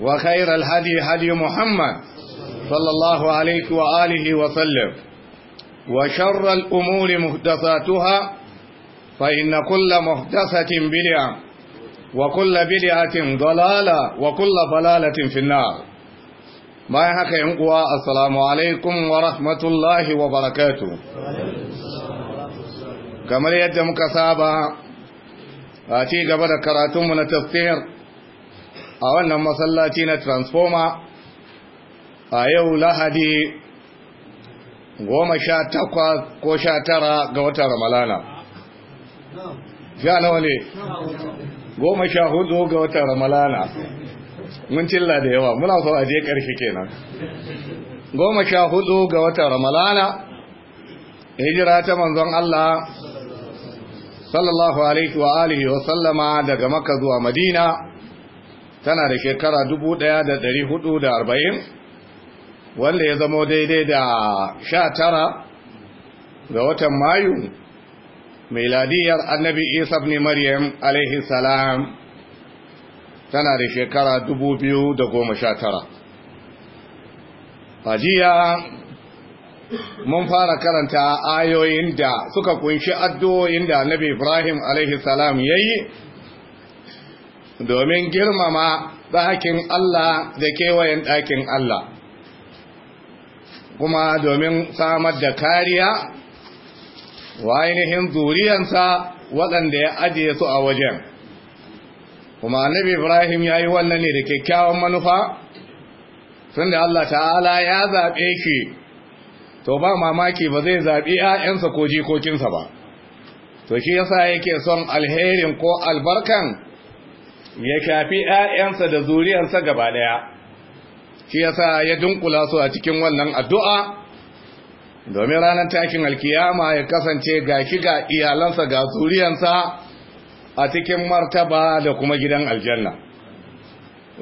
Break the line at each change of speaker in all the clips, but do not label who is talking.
وخير الهدي هدي محمد صلى الله عليه وآله وسلم وشر الأمور مهدثاتها فإن كل مهدثة بدعة وكل بدعة ضلالة وكل ضلالة في النار ما يحكي ينقوى السلام عليكم ورحمة الله وبركاته كما يدى مكسابة أتي قبل كراتم من التفسير a wannan masallaci na transformer a yau lahadi goma sha takwas ko sha tara ga watan ramalana sha nawa ne goma sha hudu ga watan ramalana mun cilla da yawa muna so a je ƙarshe kenan goma sha hudu ga watan ramalana hijira ta manzon Allah sallallahu alaihi wa alihi wa sallama daga makka zuwa madina tana da shekara da 1440 wanda ya zamo daidai da 19 ga watan mayu miladiyar annabi isa ne maryam alaihi salam tana da shekara 2019 fajiya mun fara karanta ayoyin da suka kunshi addu'o'in da annabi ibrahim alaihi salam yi. domin girmama ɗakin Allah da kewayen ɗakin Allah kuma domin samar da kariya wa ainihin zuriyansa waɗanda ya ajiye su a wajen kuma annabi ibrahim ya yi wannan ne da kyakkyawan manufa tun da Allah ta'ala ya zaɓe shi to ba mamaki ba zai zaɓi 'ya'yansa ko jikokinsa ba to shi yasa yake son alherin ko albarkan ya shafi ‘ya'yansa da zuriyarsa gaba ɗaya shi yasa ya dunkula su a cikin wannan addu'a domin ranar takin alkiyama ya kasance ga shi ga iyalansa ga zuriyarsa a cikin martaba da kuma gidan aljanna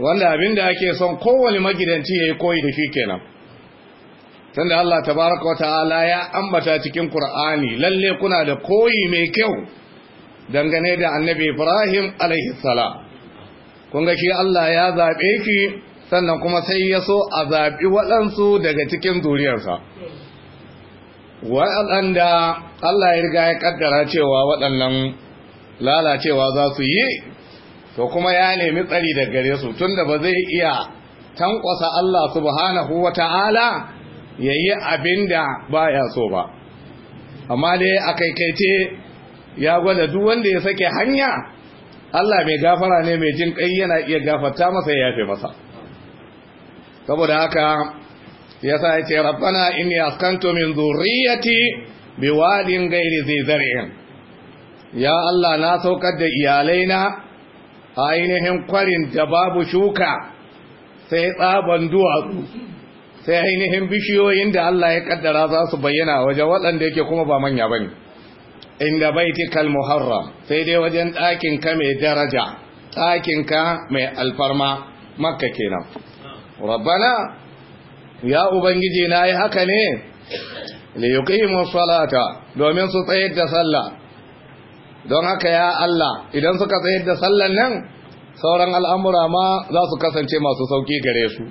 wanda abin da ake son kowane magidanci ya yi koyi da shi kenan tunda Allah tabaraka ta’ala ya ambata cikin Kur'ani lalle kuna da koyi mai kyau dangane da annabi Ibrahim alaihi salam kun ga shi Allah ya zaɓe shi sannan kuma sai ya so a zaɓi waɗansu daga cikin zuriyarsa waɗanda Allah ya riga ya ƙaddara cewa waɗannan lalacewa za su yi to kuma ya nemi tsari da gare su tunda ba zai iya tankwasa Allah subhanahu wa ta'ala ya yi abin da ba ya so ba amma dai a kaikaice ya gwada duk wanda ya sake hanya Allah mai gafara ne mai jin kai yana iya gafarta masa ya yafe masa saboda haka ya sa ya yace rabbana inni askantu min bi biwadin ghairi zai zar'in ya Allah na saukar da iyalaina ainihin kwarin da babu shuka sai tsaban duwatsu sai ainihin bishiyoyin da Allah ya kaddara za su bayyana waje waɗanda yake kuma ba manya bane inda baitikal muharram sai dai wajen ɗakinka mai daraja ɗakinka mai alfarma makka kenan rabbana ya ubangiji na yi haka ne li yuqimu salata domin su tsayar da sallah don haka ya Allah idan suka tsayar da sallan nan sauran al'amura ma za su kasance masu sauki gare su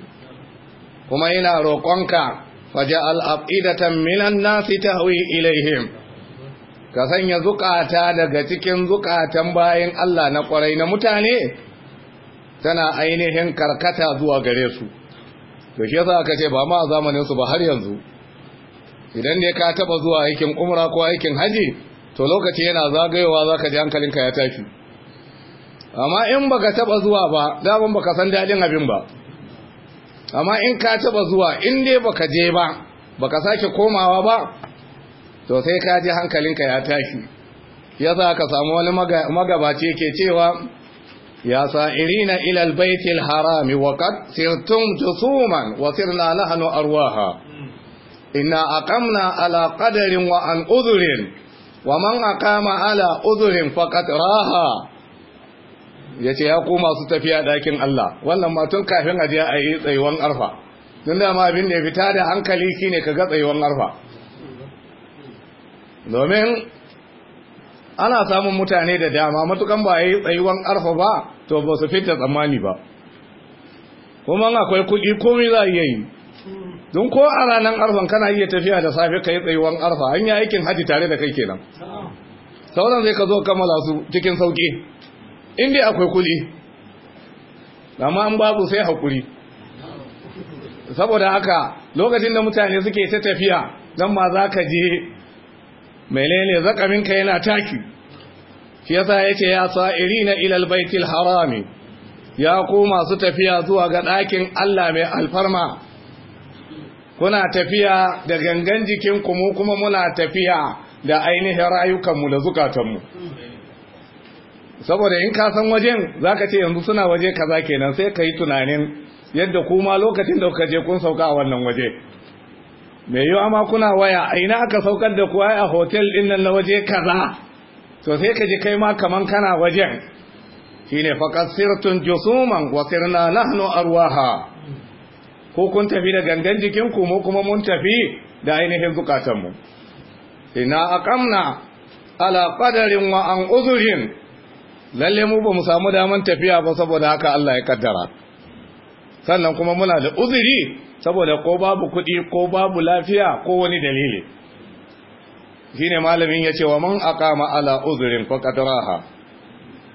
kuma ina roƙonka faja al'afidatan minan nasi tahwi ilaihim ka sanya zukata daga cikin zukatan bayan Allah na kwarai na mutane tana ainihin karkata zuwa gare su to shi yasa aka ce ba ma a zamanin su ba har yanzu idan ne ka taba zuwa aikin umra ko aikin haji to lokaci yana zagayowa zaka ji hankalinka ya tashi amma in baka taba zuwa ba daban baka san dadin abin ba amma in ka taba zuwa in dai baka je ba baka sake komawa ba to sai ka ji hankalinka ya tashi ya za ka samu wani magabaci ke cewa ya sa'irina ilal baitil harami wa qad sirtum tusuman wa sirna nahnu arwaha inna aqamna ala qadarin wa an udhrin wa man aqama ala udhrin faqad raha yace ya ku masu tafiya ɗakin Allah wannan matun kafin aje a yi tsayuwan arfa dan da ma abin da ya fita da hankali shine kaga tsayuwan arfa domin ana samun mutane da dama matukan ba yi tsayuwan arfa ba to ba su fita tsammani ba kuma akwai kuɗi komai za a iya yi don ko a ranar arfan kana iya tafiya da safe ka yi tsayuwan arfa an yi aikin haji tare da kai kenan sauran zai ka zo kammala su cikin sauƙi inda akwai kuɗi amma an babu sai haƙuri saboda haka lokacin da mutane suke ta tafiya don ma za ka je menene ka yana taki shi yasa yace ya sa'irina ila albaytil harami ya ku masu tafiya zuwa ga ɗakin Allah mai alfarma kuna tafiya da gangan jikin ku mu kuma muna tafiya da ainihin mu da zukatanmu saboda in ka san wajen zaka ce yanzu suna waje kaza kenan sai ka tunanin yadda kuma lokacin da kuka je kun sauka a wannan waje mai yiwa ma kuna waya a ina aka saukar da kuwa a hotel din nan na waje kaza to sai ka ji kai ma kaman kana wajen shine faqad sirtun jusuman wa sirna nahnu arwaha ko kun tafi da gangan jikin ku mu kuma mun tafi da ainihin zukatan mu ina aqamna ala qadarin wa an uzurin lalle mu ba mu samu daman tafiya ba saboda haka Allah ya kaddara sannan kuma muna da uzuri saboda ko babu kuɗi ko babu lafiya ko wani dalili shine malamin ya ce wa man aqama ala uzrin fa raha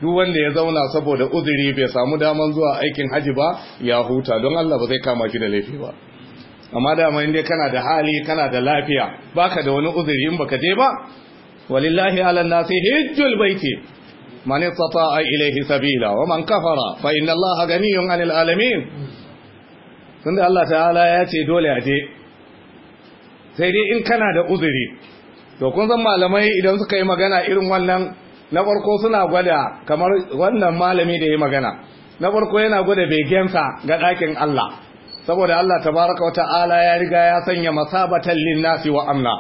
duk wanda ya zauna saboda uzuri bai samu daman zuwa aikin haji ba ya huta don Allah ba zai kama shi da laifi ba amma mai inda kana da hali kana da lafiya baka da wani uzuri in baka je ba walillahi ala nasi hijjul baiti man istata'a ilaihi, sabila wa man kafara fa inna Allaha ganiyyun 'anil sun da Allah ta'ala ya ce dole a je sai dai in kana da uzuri to kun zan malamai idan suka yi magana irin wannan na farko suna gwada kamar wannan malami da ya magana na farko yana gwada begensa ga ɗakin Allah saboda Allah tabaraka wa ta'ala ya riga ya sanya masabatan linnasi wa amna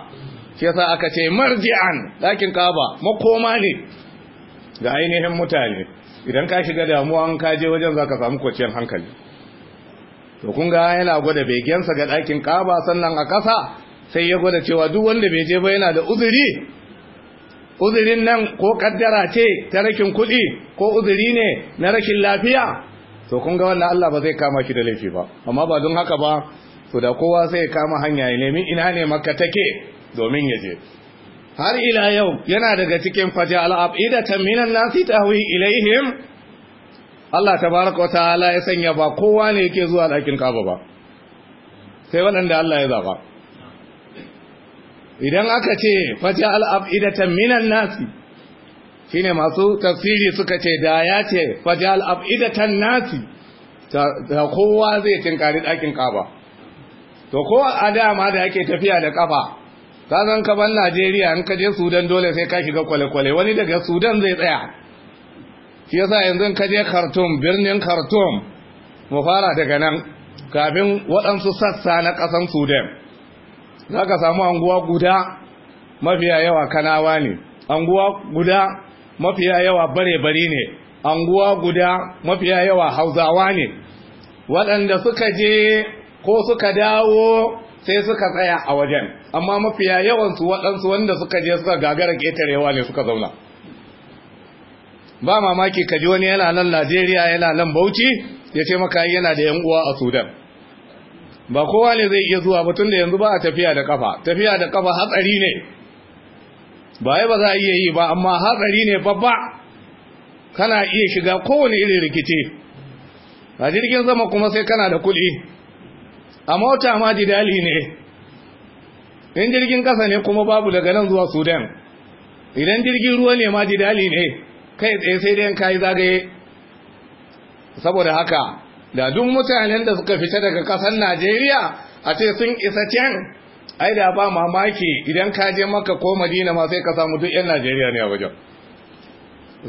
shi yasa aka ce marji'an ɗakin kaba makoma ne ga ainihin mutane idan ka shiga damuwa an ka je wajen zaka samu kwanciyar hankali to kun ga yana gwada begensa ga ɗakin kaba sannan a ƙasa sai ya gwada cewa duk wanda bai je ba yana da uzuri uzurin nan ko kaddara ce ta rakin kuɗi ko uzuri ne na rashin lafiya to kun ga wannan Allah ba zai kama shi da laifi ba amma ba don haka ba to da kowa sai ya kama hanya ya nemi ina ne makka take domin ya je har ila yau yana daga cikin fata al'abida ta minan nasi tahwi ilaihim Allah ta wata ala ya sanya ba kowa ne yake zuwa ɗakin Ka'aba ba sai waɗanda Allah ya zaba idan aka ce fata al'abidatan minan nasi shine masu tafsiri suka ce da ya ce fata al'abidatan nasi da kowa zai tinkari ɗakin Ka'aba to kowa a dama da yake tafiya da kafa ka zan ka ban Najeriya in ka je Sudan dole sai ka shiga kwale-kwale wani daga Sudan zai tsaya shi yasa yanzu ka je Khartoum birnin Khartoum mu fara daga nan kafin waɗansu sassa na ƙasan Sudan za ka samu anguwa guda mafiya yawa kanawa ne anguwa guda mafiya yawa bare-bare ne anguwa guda mafiya yawa hauzawa ne waɗanda suka je ko suka dawo sai suka tsaya a wajen amma mafiya yawansu waɗansu wanda suka je suka gagara ƙetarewa ne suka zauna ba mamaki kaji wani yana nan Najeriya yana nan Bauchi ya ce maka yana da yan uwa a Sudan ba kowa ne zai iya zuwa ba tunda yanzu ba a tafiya da kafa tafiya da kafa hatsari ne ba ba za a iya yi ba amma hatsari ne babba kana iya shiga kowane irin rikici a jirgin zama kuma sai kana da kuɗi a mota ma didali ne in jirgin kasa ne kuma babu daga nan zuwa Sudan idan jirgin ruwa ne ma didali ne kai tsaye sai dai kai zagaye saboda haka da duk mutanen da suka fita daga kasar Najeriya a ce sun isa can ai da ba mamaki idan ka je maka ko Madina ma sai ka samu duk yan Najeriya ne a wajen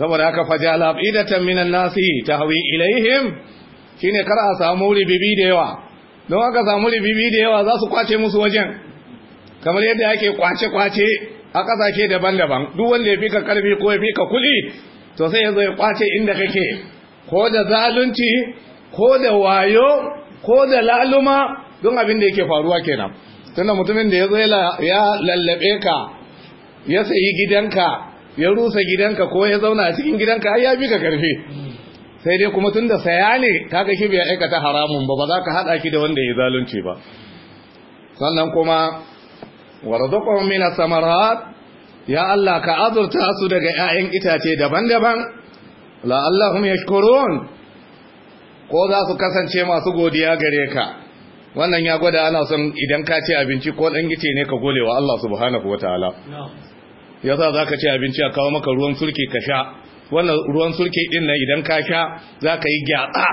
saboda haka fajala idatan minan nasi tahwi ilaihim shine kar a samu ribibi da yawa don aka samu ribibi da yawa za su kwace musu wajen kamar yadda ake kwace kwace a kasashe daban-daban duk wanda ya fi ka karfi ko ya fi ka kuli to sai ya zo ya kwace inda kake ko da zalunci ko da wayo ko da laluma don abin da yake faruwa kenan tunda mutumin da ya zo ya lallabe ka ya sayi gidanka ya rusa gidanka ko ya zauna a cikin gidanka ai ya bi ka karfi sai dai kuma tunda saya ne kaga ki bai aikata haramun ba ba za ka hada ki da wanda ya zalunci ba sannan kuma warzuqhum min as-samarat ya Allah ka azurta su daga 'ya'yan itace daban-daban ya yashkurun ko za su kasance masu godiya gare ka wannan ya gwada ana son idan ka ci abinci ko dan gice ne ka gole wa Allah subhanahu wataala yasa ka ci abinci a kawo maka ruwan sulke ka sha wannan ruwan sulke ɗin na idan ka sha za ka yi gyatsa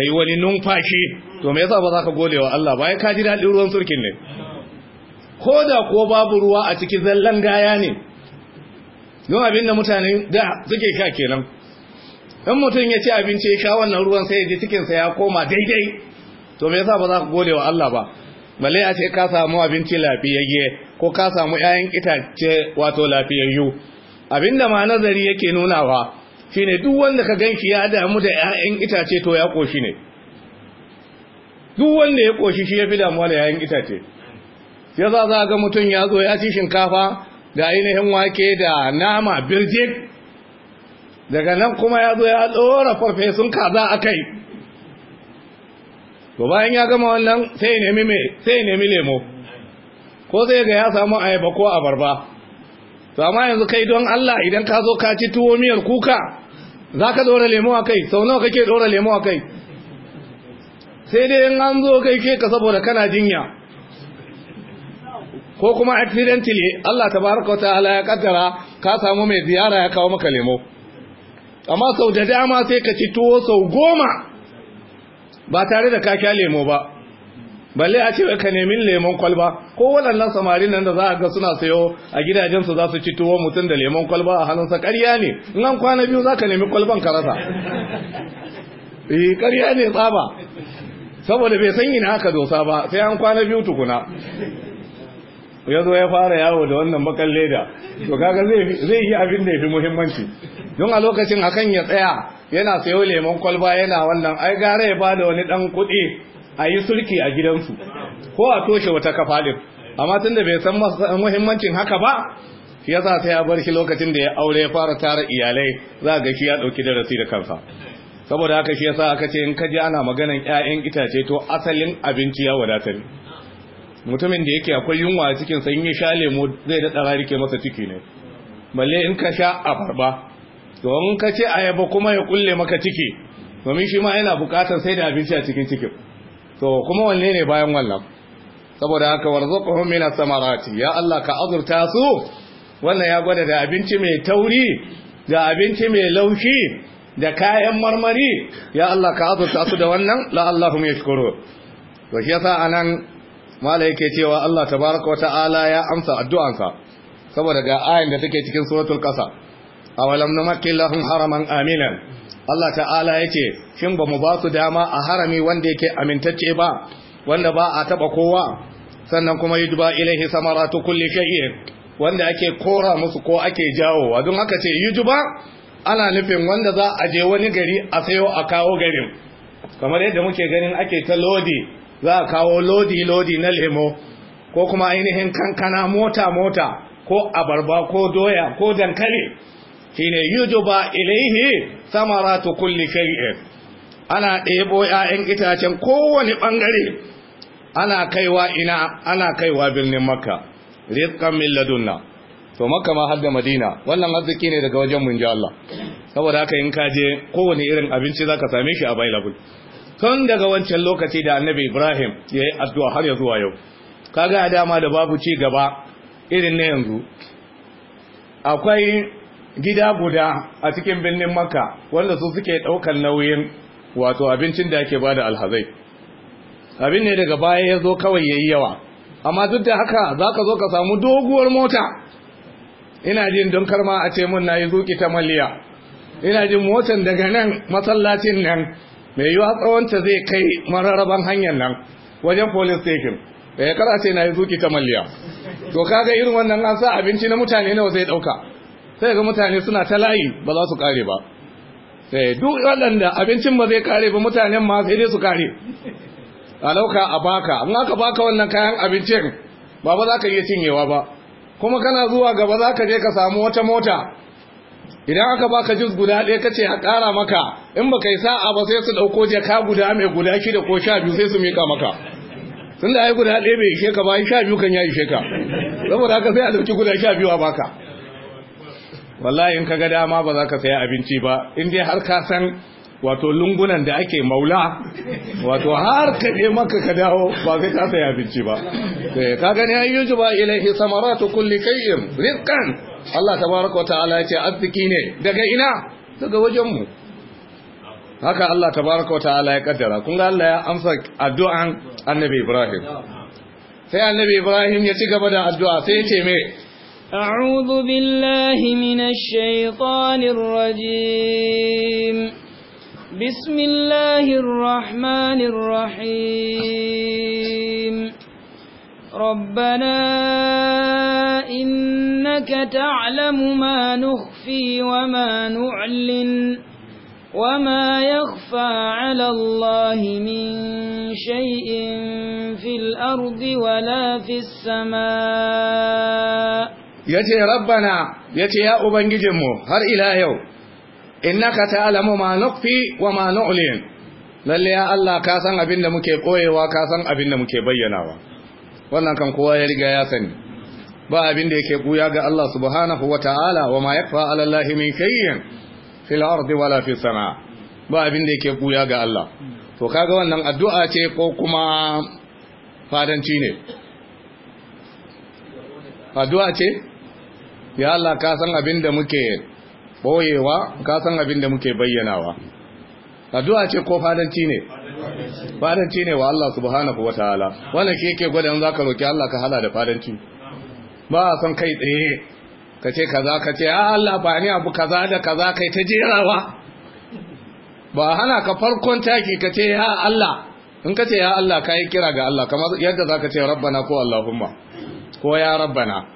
yi wani numfashi to me ya yasa ba za ka gode wa Allah ba ka ji daɗin ruwan sulkin ne ko da ko babu ruwa a cikin zallan gaya ne don abin da mutane da suke sha kenan in mutum ya ci abinci ya sha wannan ruwan sai ya ji cikinsa ya koma daidai to me yasa ba za ka gode wa Allah ba balle a ce ka samu abinci lafiyayye ko ka samu 'ya'yan itace wato lafiyayyu abinda ma nazari yake nunawa shine duk wanda ka ganki ya damu da 'ya'yan itace to ya koshi ne duk wanda ya koshi shi ya fi damuwa da 'ya'yan itace ya za za ga mutum ya zo ya ci shinkafa da ainihin wake da nama birjik daga nan kuma ya zo ya tsora farfesun kaza a kai to bayan ya gama wannan sai ya nemi lemo ko sai ga ya samu ayaba ko abarba to amma yanzu kai don Allah idan ka zo ka ci tuwo miyar kuka za ka ɗora lemo a kai sau nawa kake ɗora lemo a kai sai dai in an zo kai ke ka saboda kana jinya ko kuma accidentally Allah tabaraka wa ta'ala ya kaddara ka samu mai ziyara ya kawo maka lemo amma sau da dama sai ka ci tuwo sau goma ba tare da ka kya lemo ba balle a ce ka nemi lemon kwalba ko waɗannan samarin nan da za a ga suna sayo a gidajen su za su ci tuwo mutum da lemon kwalba a hannun sa ƙarya ne in an kwana biyu za ka nemi kwalban ka rasa eh ƙarya ne tsaba saboda bai san ina aka dosa ba sai an kwana biyu tukuna ya zo ya fara yawo da wannan bakan leda to kaga zai yi abin da ya fi muhimmanci don a lokacin akan ya tsaya yana sayo lemon kwalba yana wannan ai gara ya ba da wani dan kuɗi a yi sulki a gidansu ko a toshe wata din amma tun da bai san muhimmancin haka ba ya sa sai ya bar shi lokacin da ya aure ya fara tara iyalai za ga shi ya ɗauki darasi da kansa saboda haka shi yasa aka ce in ka ji ana maganan 'ya'yan itace to asalin abinci ya wadata ne mutumin da yake akwai yunwa a cikin sa in ya sha lemo zai da tsara rike masa ciki ne balle in ka sha abarba to in ka ce ayaba kuma ya kulle maka ciki domin shi ma yana bukatar sai da abinci a cikin cikin to kuma wanne ne bayan wannan saboda haka warzuqhum min samarati ya Allah ka azurta su wannan ya gwada da abinci mai tauri da abinci mai laushi da kayan marmari ya Allah ka azurta su da wannan la Allahum yashkuru to shi yasa anan mala yake cewa Allah tabaraka ta'ala ya amsa addu'anka saboda ga ayin da take cikin suratul qasa awalam namakil lahum haraman aminan Allah ta'ala yace shin ba mu ba su dama a harami wanda yake amintacce ba wanda ba a taba kowa sannan kuma yudba ilaihi samaratu kulli shay'in wanda ake kora musu ko ake jawowa don haka ce yudba ana nufin wanda za a je wani gari a sayo a kawo garin kamar yadda muke ganin ake ta lodi za a kawo lodi-lodi na lemo ko kuma ainihin kankana mota-mota ko abarba ko doya ko dankali Shi shine yujuba ilaihi ta kulli shay'in ana ɗebo 'ya'yan itacen kowane ɓangare ana kaiwa ina ana kaiwa birnin makka rizqan min ladunna to makka ma har da madina wannan arziki ne daga wajen munji Allah saboda haka in ka je kowane irin abinci za ka same shi a available tun daga wancan lokaci da annabi ibrahim ya yi addu'a har ya zuwa yau kaga a dama da babu ci gaba irin na yanzu akwai gida guda a cikin birnin Makka, wanda su suke ɗaukar nauyin wato abincin da ake bada alhazai abin ne daga baya ya zo kawai ya yi yawa amma duk da haka za ka zo ka samu doguwar mota ina jin don karma a ce mun na yi zuki ta maliya ina jin motan daga nan masallacin nan mai yiwa tsawonta zai kai mararraban hanyar nan wajen police station da eh, ya kara ce na yi zuki ta malliya. to kaga irin wannan an sa abinci na mutane nawa zai dauka sai ga mutane suna ta layi ba za su kare ba sai eh, duk waɗanda abincin ba zai kare ba mutanen ma sai dai su kare a lauka a baka in aka baka wannan kayan abincin ba ba za ka iya cinyewa ba kuma kana zuwa gaba za ka je ka samu wata mota idan aka baka jus guda ɗaya kace a ƙara maka in baka yi sa'a ba sai su ɗauko jaka guda mai guda da ko sha biyu sai su mika maka sun da ai guda ɗaya bai ishe ka ba sha biyu kan ya ishe ka saboda haka sai a ɗauki guda sha biyu a baka wallahi in ka ga dama ba za ka saya abinci ba in dai har ka san wato lungunan da ake maula wato har ka je maka ka dawo ba sai ka saya abinci ba eh, ka gani ayyuju ba ilaihi samaratu kulli shay'in rizqan Allah tabaraka wata'ala ya arziki ne daga ina daga wajenmu. haka Allah tabaraka wata'ala ya kaddara kun ga Allah ya amsa addu'an annabi Ibrahim sai annabi Ibrahim ya ci gaba da addu'a sai ya ce me
أعوذ بالله من الشيطان الرجيم بسم ربنا إنك تعلم ما نخفي وما نعلن وما يخفى على الله من شيء في الأرض ولا في السماء
يتي ربنا يتي يا أبنجمو هر إلى يوم إنك تعلم ما نخفي وما نعلن lalle ya Allah ka san abin da muke koyewa ka san abin da muke bayyanawa wannan kan kowa ya riga ya sani ba abin da yake buya ga Allah subhanahu wata'ala wa ma yakfa ala Allah min kayyin fil ardi wala fis sama ba abin da yake buya ga Allah to kaga wannan addu'a ce ko kuma fadanci ne addu'a ce ya Allah ka san abin da muke boyewa ka san abin da muke bayyanawa addu'a ce ko fadanci ne faranci ne wa Allah subhanahu wataala wannan shi yake gwada in zaka roki Allah ka hala da faranci ba a son kai tsaye ka ce kaza ka ce a ah, Allah ba ni abu kaza da kaza kai ta jerawa ba hana ka farkon taki ka ce ya Allah in ka ce ya Allah ka yi kira ga Allah kamar yadda za ka ce rabbana ko Allahumma ko ya rabbana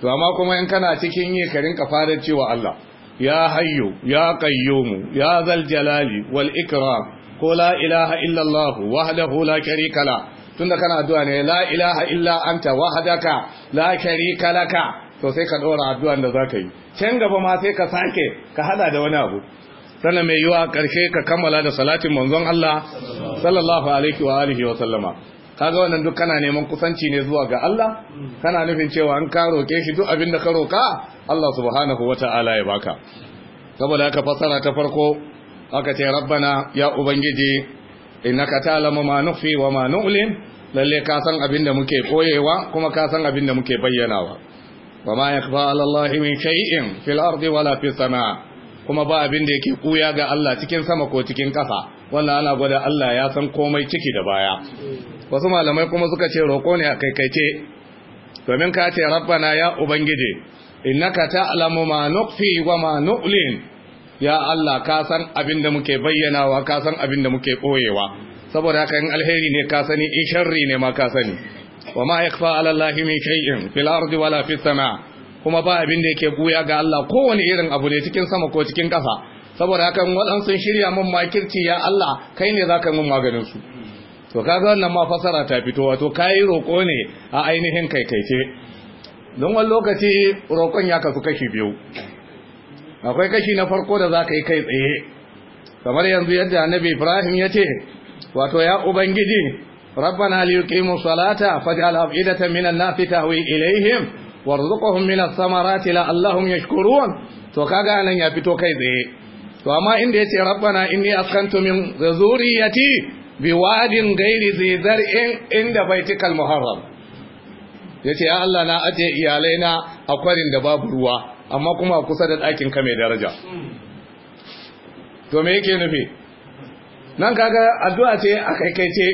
to amma kuma in kana cikin yi ka rinka fara Allah ya hayyu ya qayyumu ya zal jalali wal ikram ko la ilaha illallah wahdahu la sharika la tunda kana addu'a ne la ilaha illa anta wahdaka la sharika laka to sai ka dora addu'an da zaka yi can gaba ma sai ka sake ka hada da wani abu Sana mai yiwa karshe ka kammala da salatin manzon Allah sallallahu alaihi wa alihi wa sallama kaga wannan duk kana neman kusanci ne zuwa ga Allah kana nufin cewa an ka roke shi duk abin da ka roka Allah subhanahu wataala ya baka saboda haka fasara ta farko aka ce rabbana ya ubangiji innaka ta'lamu ma nukhfi wa ma nu'lin lalle ka san abin da muke koyewa kuma ka san abin da muke bayyanawa wa ma yakhfa 'ala Allahi min shay'in fil ardi wala fis samaa kuma ba abin da yake kuya ga Allah cikin sama ko cikin kasa wannan ana gwada Allah ya san komai ciki da baya wasu malamai kuma suka ce roko ne a kaikaice domin ka ce rabbana ya ubangiji innaka ta'lamu ma nukhfi wa ma nu'lin ya Allah ka san abin da muke bayyanawa ka san abin da muke koyewa, saboda haka in alheri ne ka sani in sharri ne ma ka sani wa ma yakfa ala Allah min shay'in fil ardi wala fis sama kuma ba abin da yake buya ga Allah kowane irin abu ne cikin sama ko cikin kasa saboda haka waɗansu shirya mun makirci ya Allah kai ne zaka mun maganin su to kaga wannan ma fasara ta fito wato kai roko ne a ainihin kai kaikaice don wani lokaci roƙon ya kasu kashi biyu akwai kashi na farko da za ka yi kai tsaye kamar yanzu yadda annabi ibrahim ya ce wato ya ubangiji rabbana liyuqimu salata faj'al af'idatan minan nasi tahwi ilaihim warzuqhum minas samarati la'allahum yashkurun to kaga nan ya fito kai tsaye to amma inda yace rabbana inni askantu min zuriyati biwadin ghairi zi inda baitikal muharram yace ya Allah na ajiye iyalaina a kwarin da babu ruwa amma kuma kusa da ɗakin ka mai daraja to me yake nufi nan kaga addu'a ce a kaikaice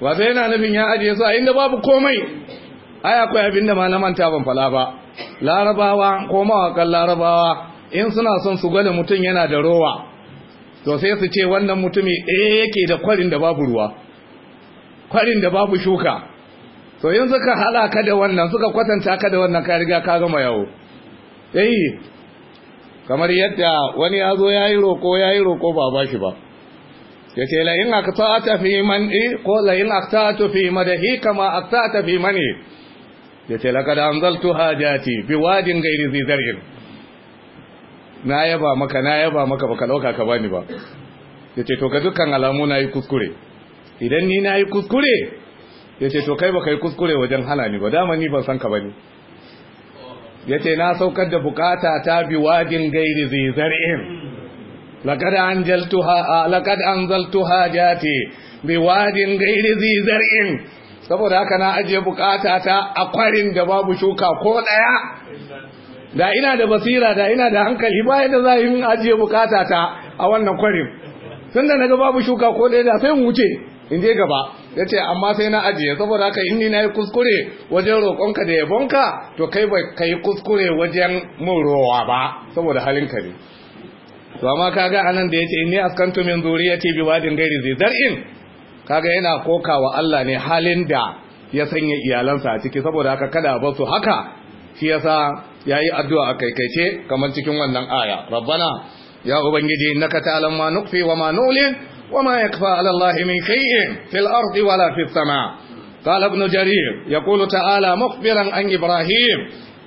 Wasu yana nufin ya ajiye su a inda babu komai ai akwai abin da ma manta ban fala ba larabawa ko mawakan larabawa in suna son su gwada mutum yana da rowa to sai su ce wannan mutumi ɗaya eh yake da kwarin da babu ruwa kwarin da babu shuka to yin suka haɗa ka da wannan suka kwatanta ka da wannan ka riga ka gama yawo eh kamar yadda wani ya zo ya yi roko ya yi roko ba ba shi ba ya ce la'in a ta ta fi mani eh, ko la'in a ta ta fi madahi kama a ta ta fi mani ya ce laka da anzaltu hajati bi wajin gairi zizarin na yaba maka na yaba maka baka ɗauka ka bani ba ya ce to ka dukkan alamu na yi kuskure idan ni na yi kuskure ya ce to kai baka yi kuskure wajen hana ni ba dama ni ban san ka bane yace na saukar da bukata ta biwadin gairi zai zar'in laqad anjaltuha laqad anzaltuha jati biwadin gairi zai zar'in saboda haka na ajiye bukata ta a kwarin da babu shuka ko daya da ina da basira da ina da hankali ba da za yi ajiye bukata ta a wannan kwarin tunda naga babu shuka ko daya da sai mu wuce in je gaba ya ce amma sai na ajiye saboda haka in ni na yi kuskure wajen roƙonka da yabonka to kai ba ka yi kuskure wajen mun rowa ba saboda halinka ne to amma kaga anan da yace inni askantu min zuriyati bi wadin gairi zai zar'in kaga yana koka wa Allah ne halin da ya sanya iyalansa a ciki saboda haka kada ba su haka shi yasa yayi addu'a a kaikaice kamar cikin wannan aya rabbana ya ubangiji innaka ta'lamu ma nukfi wa ma nulin وما يكفى على الله من شيء في الأرض ولا في السماء قال ابن جرير يقول تعالى مخبرا عن إبراهيم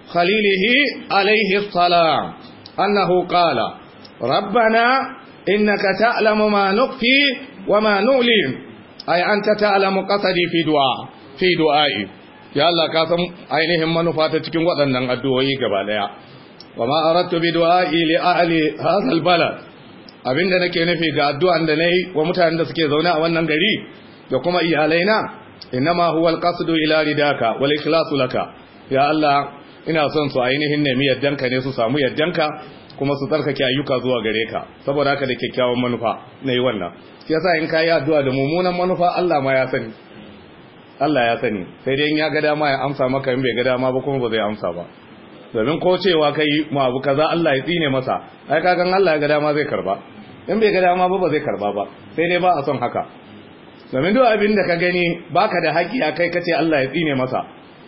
خليله عليه السلام أنه قال ربنا إنك تعلم ما نخفي وما نعلم أي أنت تعلم قصدي في دعاء في دعائي يا الله كاسم أينهم من فاتتكم وطنن الدعوة قبالها وما أردت بدعائي لأهل هذا البلد abinda nake nufi ga addu'an da nayi wa mutanen da suke zaune a wannan gari da kuma iyalaina innama huwa alqasdu ila ridaka wal ikhlasu laka ya Allah ina son su ainihin Namiyar yaddanka ne su samu yaddanka kuma su tsarkake ayyuka zuwa gare ka saboda haka da kyakkyawan manufa nayi wannan shi yasa in kai addu'a da mummunan manufa Allah ma ya sani Allah ya sani sai dai in ya ga dama ya amsa maka in bai ga dama ba kuma ba zai amsa ba domin ko cewa kai mu abu kaza Allah ya tsine masa ai kagan Allah ya ga dama zai karba in bai ga dama ba ba zai karba ba sai dai ba a son haka domin duk abin da ka gani baka da haƙi a kai kace Allah ya tsine masa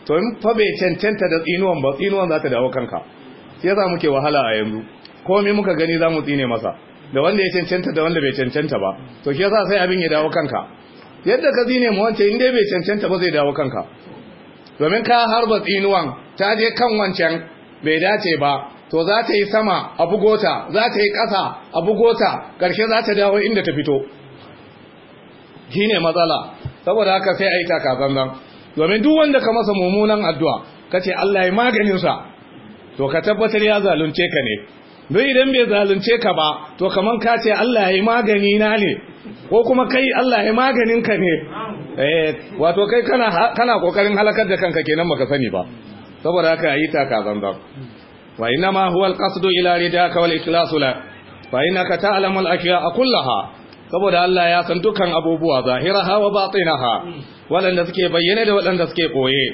to in fa bai cancanta da tsinuwan ba tsinuwan za ta dawo kanka sai yasa muke wahala a yanzu komai muka gani za mu tsine masa da wanda ya cancanta da wanda bai cancanta ba to shi yasa sai abin ya dawo kanka yadda ka tsine mu wance in dai bai cancanta ba zai dawo kanka domin ka harba tsinuwan ta je kan wancan bai dace ba to za ta yi sama a bugota za ta yi ƙasa a bugota ƙarshe za ta dawo inda ta fito shi ne matsala saboda haka sai a yi takazanzan domin duk wanda ka masa mummunan addu'a ka ce Allah ya maganinsa to ka tabbatar ya zalunce ka ne don idan bai zalunce ka ba to kaman ka ce Allah ya magani na ne ko kuma kai Allah ya maganin ka ne eh, wato kai kana kana kokarin halakar da kanka kenan baka sani ba saboda aka yi taka zanzan wa ina ma huwa alqasdu ila ridaka wal ikhlasu la ka innaka ta'lamu al a kullaha saboda Allah ya san dukkan abubuwa zahiraha wa ha, waɗanda suke bayyane da waɗanda suke koye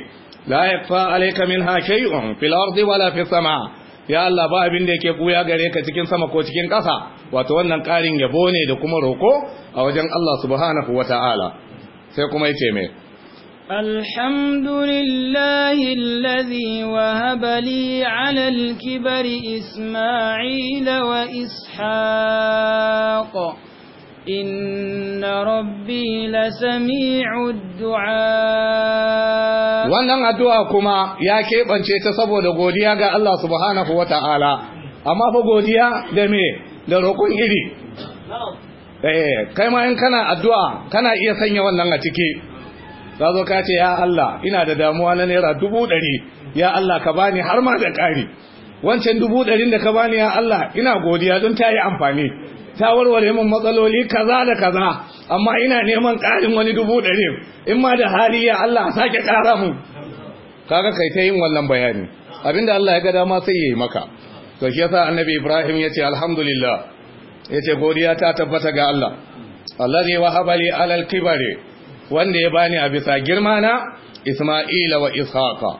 la yakfa alayka minha shay'un fil ardi wala fis sama ya Allah ba abin da yake buya gare ka cikin sama ko cikin ƙasa wato wannan ƙarin yabo ne da kuma roko a wajen Allah subhanahu wata'ala sai kuma yace mai
الحمد لله الذي وهب لي على الكبر إسماعيل وإسحاق إن ربي لسميع الدعاء
wannan addu'a kuma ya keɓance ta saboda godiya ga Allah subhanahu wa ta'ala amma fa godiya da me da roƙon iri eh kai ma in kana addu'a kana iya sanya wannan a ciki za zo ka ce ya Allah ina da damuwa na naira dubu ɗari ya Allah ka bani har ma da ƙari wancan dubu ɗari da ka bani ya Allah ina godiya don ta yi amfani ta warware min matsaloli kaza da kaza amma ina neman ƙarin wani dubu ɗari in ma da hali ya Allah sake ƙara mu kaga kai ta yin wannan bayani abinda Allah ya ga dama sai ya yi maka to shi yasa annabi Ibrahim ya ce alhamdulillah ya ce godiya ta tabbata ga Allah Allah ne wahabali alal kibari wanda ya bani a bisa girma na Isma'ila wa Ishaqa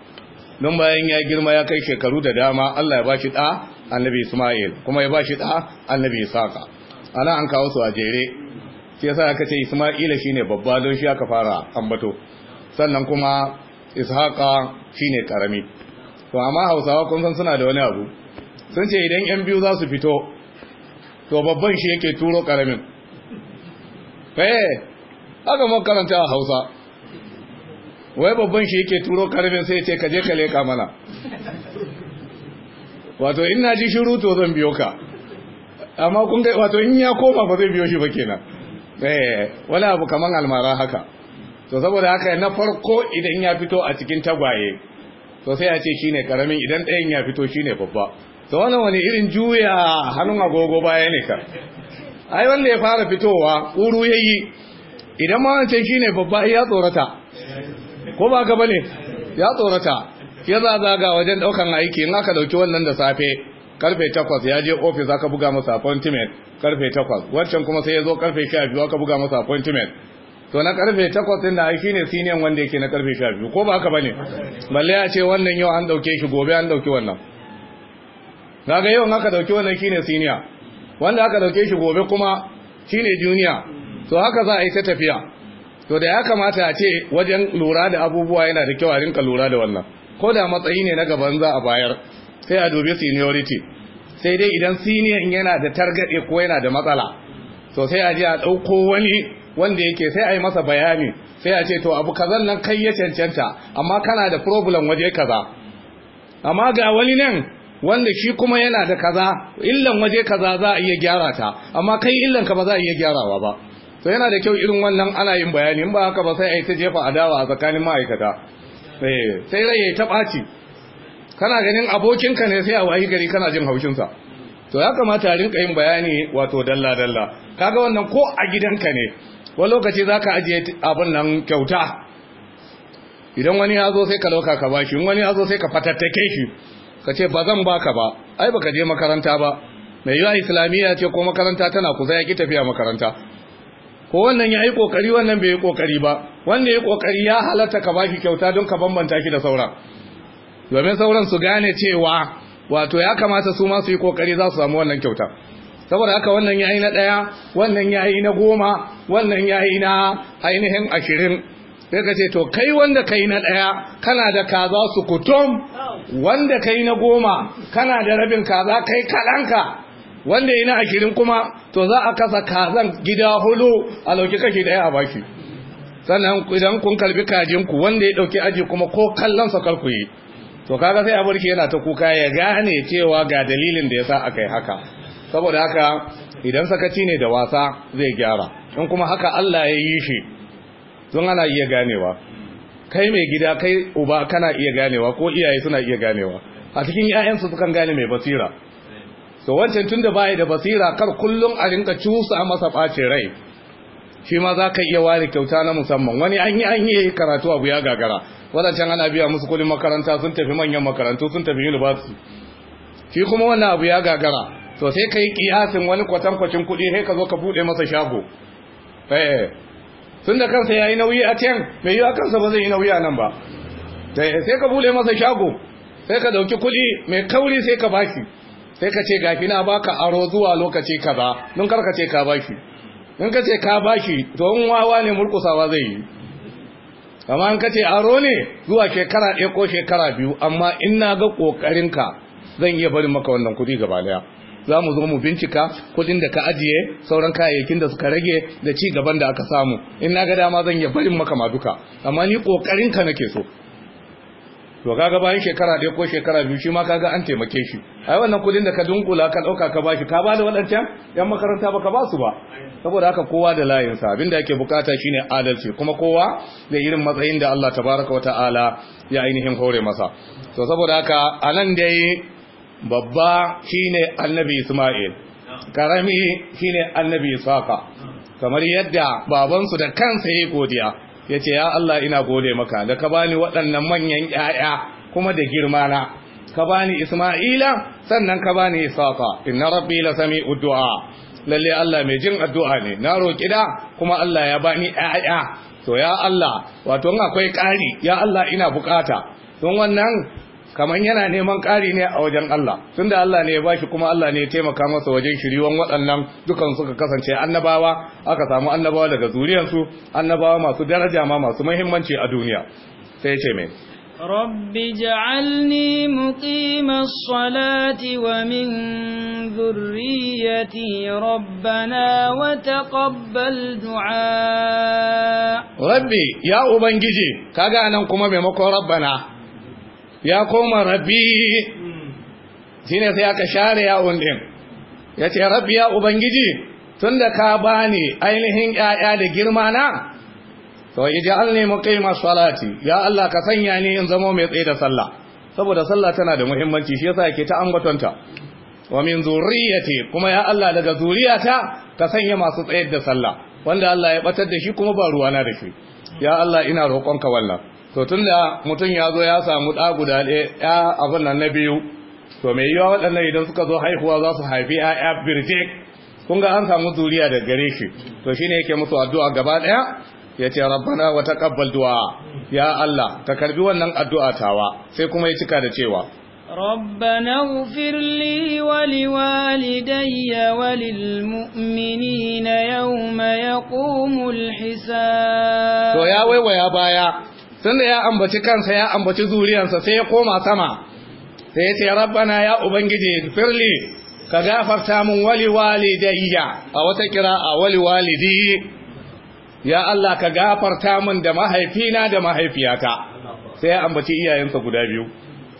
don bayan ya girma ya kai shekaru da dama Allah ya bashi da annabi Isma'il kuma ya bashi da annabi Ishaqa ana an kawo su a jere shi yasa aka ce Isma'ila shine babba don shi aka fara ambato sannan kuma Ishaqa shine karami to amma Hausawa kun san suna da wani abu sun ce idan yan biyu za su fito to babban shi yake turo karamin eh haka makaranta karanta a hausa wai babban shi yake turo karfin sai ce kaje ka leka mana wato in na ji shiru to zan biyo ka amma kun ga wato in ya koma ba zai biyo shi ba kenan eh wala abu kaman almara haka to saboda haka na farko idan ya fito a cikin tagwaye to sai a ce shine karamin idan ɗayan ya fito shine babba to wannan wani irin juya hannun agogo baya ne ka ai wanda ya fara fitowa uru yayi idan ma wancan shine babba ya tsorata ko ba ka bane ya tsorata ya zazaga wajen daukan aiki in aka dauki wannan da safe karfe 8 ya je office aka buga masa appointment karfe 8 wancan kuma sai ya zo karfe 12 aka buga masa appointment to na karfe 8 din da aiki ne siniyan wanda yake na karfe 12 ko ba haka bane balle ya ce wannan yau an dauke shi gobe an dauki wannan kaga yau aka dauki wannan shine siniya wanda aka dauke shi gobe kuma shine junior to haka za a yi ta tafiya to da ya kamata a ce wajen lura da abubuwa yana da kyau a rinka lura da wannan ko da matsayi ne na gaban za a bayar sai a dubi seniority sai dai idan senior yana da targade ko yana da matsala to sai a je a ɗauko wani wanda yake sai a yi masa bayani sai a ce to abu kazan nan kai ya cancanta amma kana da problem waje kaza amma ga wani nan wanda shi kuma yana da kaza illan waje kaza za a iya gyara ta amma kai illan ka ba za a iya gyarawa ba to yana da kyau irin wannan ana yin bayani in ba haka ba sai a yi ta jefa adawa a tsakanin ma'aikata eh, sai rai ya ta ɓaci kana ganin abokinka ne sai a wayi gari kana jin haushinsa to ya kamata a rinka yin bayani wato dalla-dalla kaga wannan ko a gidanka ne wani lokaci za ka ajiye abin nan kyauta idan wani ya zo sai ka lauka ka bashi in wani ya zo sai ka fatattake shi ka ce ba zan baka ba ai baka je makaranta ba mai yiwa islamiyya ce ko makaranta tana kusa ya ki tafiya makaranta ko wannan ya yi kokari wannan bai yi kokari ba wanda ya kokari ya halatta ka baki kyauta don ka bambanta ki da sauran domin sauran su gane cewa wato ya kamata su ma su yi kokari za su samu wannan kyauta saboda haka wannan ya yi na ɗaya wannan ya yi na goma wannan ya yi na ainihin ashirin sai ka ce to kai wanda kai na ɗaya kana da kaza su kutum wanda kai na goma kana da rabin kaza kai kaɗanka wanda yana a kirin kuma to za a kasa kazan gida hulu a lauki kashi daya a baki sannan idan kun kalbi kajinku wanda ya dauki aji kuma ko kallon sa ku yi to kaga sai abarki yana ta kuka ya gane cewa ga dalilin da yasa akai haka saboda haka idan sakaci ne da wasa zai gyara in kuma haka Allah ya yi shi don ana iya ganewa kai mai gida kai uba kana iya ganewa ko iyaye suna iya ganewa a cikin 'ya'yansu sukan gane mai basira to wancan tunda baya da basira kar kullum a rinka cusa masa ɓacin rai shi ma za ka iya ware kyauta na musamman wani an yi an yi karatu abu ya gagara wadancan ana biya musu kudin makaranta sun tafi manyan makarantu sun tafi university shi kuma wannan abu ya gagara to sai ka yi kiyasin wani kwatankwacin kudi sai ka zo ka bude masa shago eh, eh tun da kansa ya yi nauyi a can mai yi a kansa ba zai yi nauyi a nan ba eh, eh, sai ka bude masa shago sai ka dauki kudi mai kauri sai ka bashi. sai ka ce gafi na baka aro zuwa lokaci kaza don karka ce ka bashi in ka ce ka bashi to in wawa ne murkusawa zai yi amma in ka ce aro ne zuwa shekara ɗaya ko shekara biyu amma in na ga ƙoƙarinka zan iya barin maka wannan kuɗi gaba daya za mu zo mu bincika kudin da ka ajiye sauran kayayyakin da suka rage da ci gaban da aka samu in na ga dama zan iya barin maka ma duka amma ni kokarin ka nake so to kaga bayan shekara dai ko shekara biyu shi ma kaga an taimake shi ai wannan kudin da ka dunkula ka dauka ka bashi ka bada da wadancan yan makaranta ba ka basu ba saboda haka kowa da layin sa abinda yake bukata shine adalci kuma kowa da irin matsayin da Allah tabaraka wa ta'ala ya ainihin hore masa to saboda haka anan dai babba shine annabi Isma'il karami shine annabi isaka kamar yadda babansu da kansa yi godiya ya ce ya Allah ina gode maka da ka bani waɗannan manyan ƴaƴa kuma da girma na ka bani Isma'ila sannan ka bani isaka inna rabbi la sami'u du'a lalle Allah mai jin addu'a ne na roki da kuma Allah ya bani ƴaƴa to ya Allah wato akwai ƙari ya Allah ina bukata don wannan kamar yana neman ƙari ne a wajen Allah tunda Allah ne ya bashi kuma Allah ne ya taimaka masa wajen shiriwan waɗannan dukan suka kasance annabawa aka samu annabawa daga zuriyarsu annabawa masu daraja ma masu mahimmanci a duniya sai ce mai
salati wa min الصلاة rabbana ذريتي ya du'a
rabbi ya ubangiji kaga كاغانا kuma maimakon rabbana ya koma rabbi shine sai aka share yawon din ya ce rabbi ya ubangiji tun da ka bani ainihin ƴaƴa da girma na to kai masu salati ya Allah ka sanya ni in zama mai tsaye da sallah saboda sallah tana da muhimmanci shi yasa yake ta ambatonta wa min zurriyyati kuma ya Allah daga zuriyata ka sanya masu tsayar da sallah wanda Allah ya batar da shi kuma ba ruwana da shi ya Allah ina roƙonka wallahi to tun da mutum ya zo ya samu ɗa guda ɗaya ya abin nan na biyu to mai yiwa waɗannan idan suka zo haihuwa za su haifi ya'ya birje, kun ga an samu zuriya da gare shi to shine yake musu addu'a gaba ɗaya ya ce rabbana wa taqabbal du'a ya Allah ka karbi wannan addu'a tawa sai kuma ya cika da cewa
ربنا اغفر لي ولوالدي to
ya waiwaya baya tunda ya ambaci kansa ya ambaci zuriyarsa sai ya koma sama sai ya ce rabbana ya ubangiji firli ka gafarta mun wali walidayya a wata kira a wali walidi ya Allah ka gafarta mun da mahaifina da mahaifiyata sai ya ambaci iyayensa guda biyu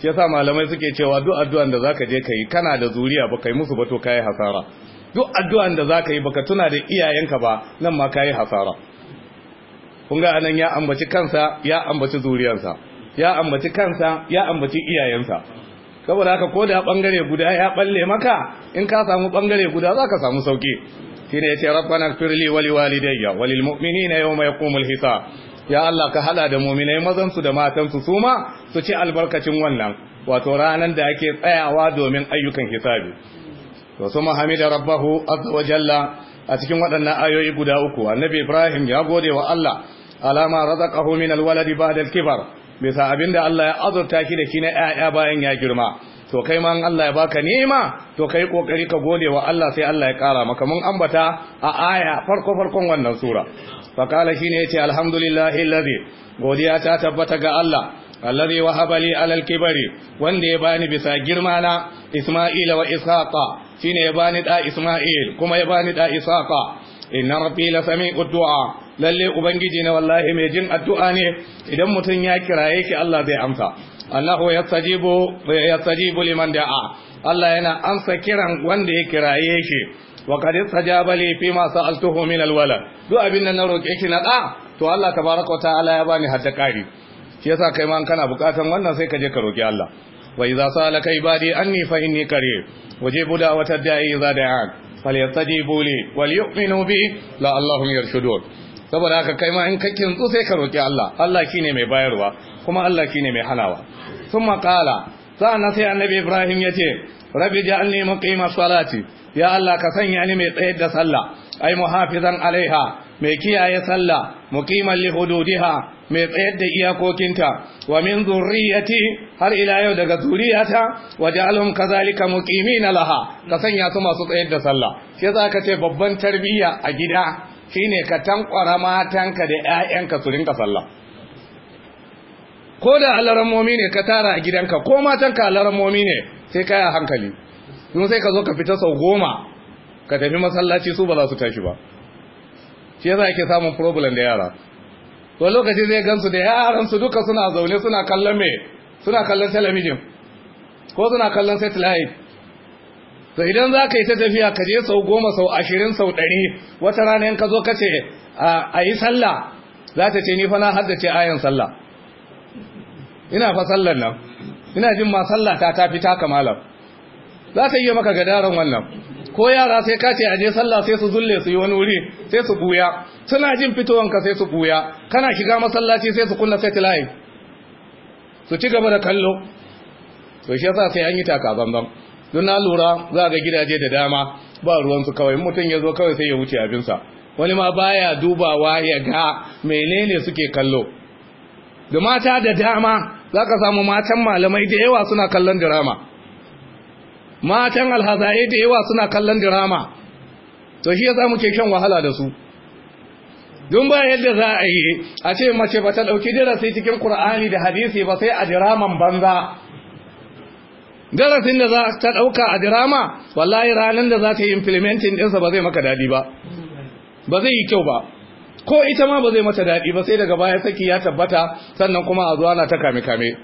shi yasa malamai suke cewa duk addu'an da zaka je kai kana da zuriya ba kai musu ba to kai hasara duk addu'an da zaka yi baka tuna da iyayenka ba nan ma kai hasara kun anan ya ambaci kansa ya ambaci zuriyarsa ya ambaci kansa ya ambaci iyayensa saboda haka ko da bangare guda ya balle maka in ka samu bangare guda zaka samu sauki shine yace rabbana ighfirli wa walidayya wa mu'minina yawma yaqumul hisab ya Allah ka hala da mu'minai mazan su da matan su suma su ci albarkacin wannan wato ranan da ake tsayawa domin ayyukan hisabi to suma hamida rabbahu azza wa jalla a cikin waɗannan ayoyi guda uku annabi Ibrahim ya gode wa Allah alama razaqahu min alwaladi ba'da alkibar bisa abinda Allah ya azurta ki da shi na ƴaƴa bayan ya girma to kai ma Allah ya baka ni'ima to kai kokari ka gode wa Allah sai Allah ya kara maka mun ambata a aya farko farkon wannan sura fa kala shine yace alhamdulillahi alladhi godiya ta tabbata ga Allah alladhi wahaba li alal kibari wanda ya bani bisa girma na Isma'ila wa Ishaqa shine ya bani da Isma'il kuma ya bani da Ishaqa inna rabbi la sami'ud du'a lalle ubangiji na wallahi mai jin addu'a ne idan mutum ya kiraye ki Allah zai amsa Allahu yastajibu yastajibu liman da'a Allah yana amsa kiran wanda ya kiraye shi wa qad istajaba li fi ma sa'altuhu min alwala duk abin da na roke ki na da to Allah tabaraka wa ta'ala ya bani hadda kari shi yasa kai ma kana bukatan wannan sai ka je ka roki Allah wa idza salaka ibadi anni fa inni qareeb wajibu da'watad da'i idza da'an falyastajibu li wal yu'minu bi la'allahum yarshudun saboda haka kai ma in ka kintsu sai ka roki Allah Allah shine mai bayarwa kuma Allah shine mai halawa thumma qala sa'an sai annabi Ibrahim yace rabbi ja'alni muqima salati ya Allah ka sanya ni mai tsayar da sallah ai muhafizan alaiha mai kiyaye sallah muqiman li hududiha mai tsayar da iyakokinta wa min zurriyati har ila yau daga zuriyata kazalika kadhalika na laha ka sanya su masu tsayar da sallah sai zaka ce babban tarbiyya a gida shine ka tankwara matanka da 'ya'yanka su rinka sallah ko da momi ne ka tara a gidanka ko matanka momi ne sai ka hankali yun sai ka zo ka fita sau goma ka tafi masallaci su ba za su tashi ba shi yasa ke samun problem da yara wani lokaci zai gansu da yaran su duka suna zaune suna kallon me suna kallon talabijin ko suna kallon satellite to idan za ka yi ta tafiya ka je sau goma sau ashirin sau ɗari wata rana in ka zo ka ce a yi sallah za ta ce ni na haddace ayan sallah ina fa sallar nan ina jin ma sallah ta ta kamala za ta yi maka gadaran wannan ko yara sai ka ce a je sallah sai su zulle su yi wani wuri sai su buya suna jin fitowanka sai su buya kana shiga masallaci sai su kunna satellite su ci gaba da kallo to shi yasa sai an yi taka banban don na lura za ga gidaje da dama ba ruwansu kawai mutum ya zo kawai sai ya wuce abinsa wani ma baya dubawa ya ga menene suke kallo da mata da dama za ka samu matan malamai da yawa suna kallon dirama matan alhazai da yawa suna kallon dirama to shi ya za mu ke wahala da su don ba yadda za a yi a ce mace ba ta ɗauki darasi cikin ƙur'ani da hadisi ba sai a diraman banza darasin da za ta ɗauka a dirama wallahi ranar da za ta yi implementing ɗinsa ba zai maka daɗi ba ba zai yi kyau ba ko ita ma ba zai mata daɗi ba sai daga baya saki ya tabbata sannan kuma a zuwa na ta kame-kame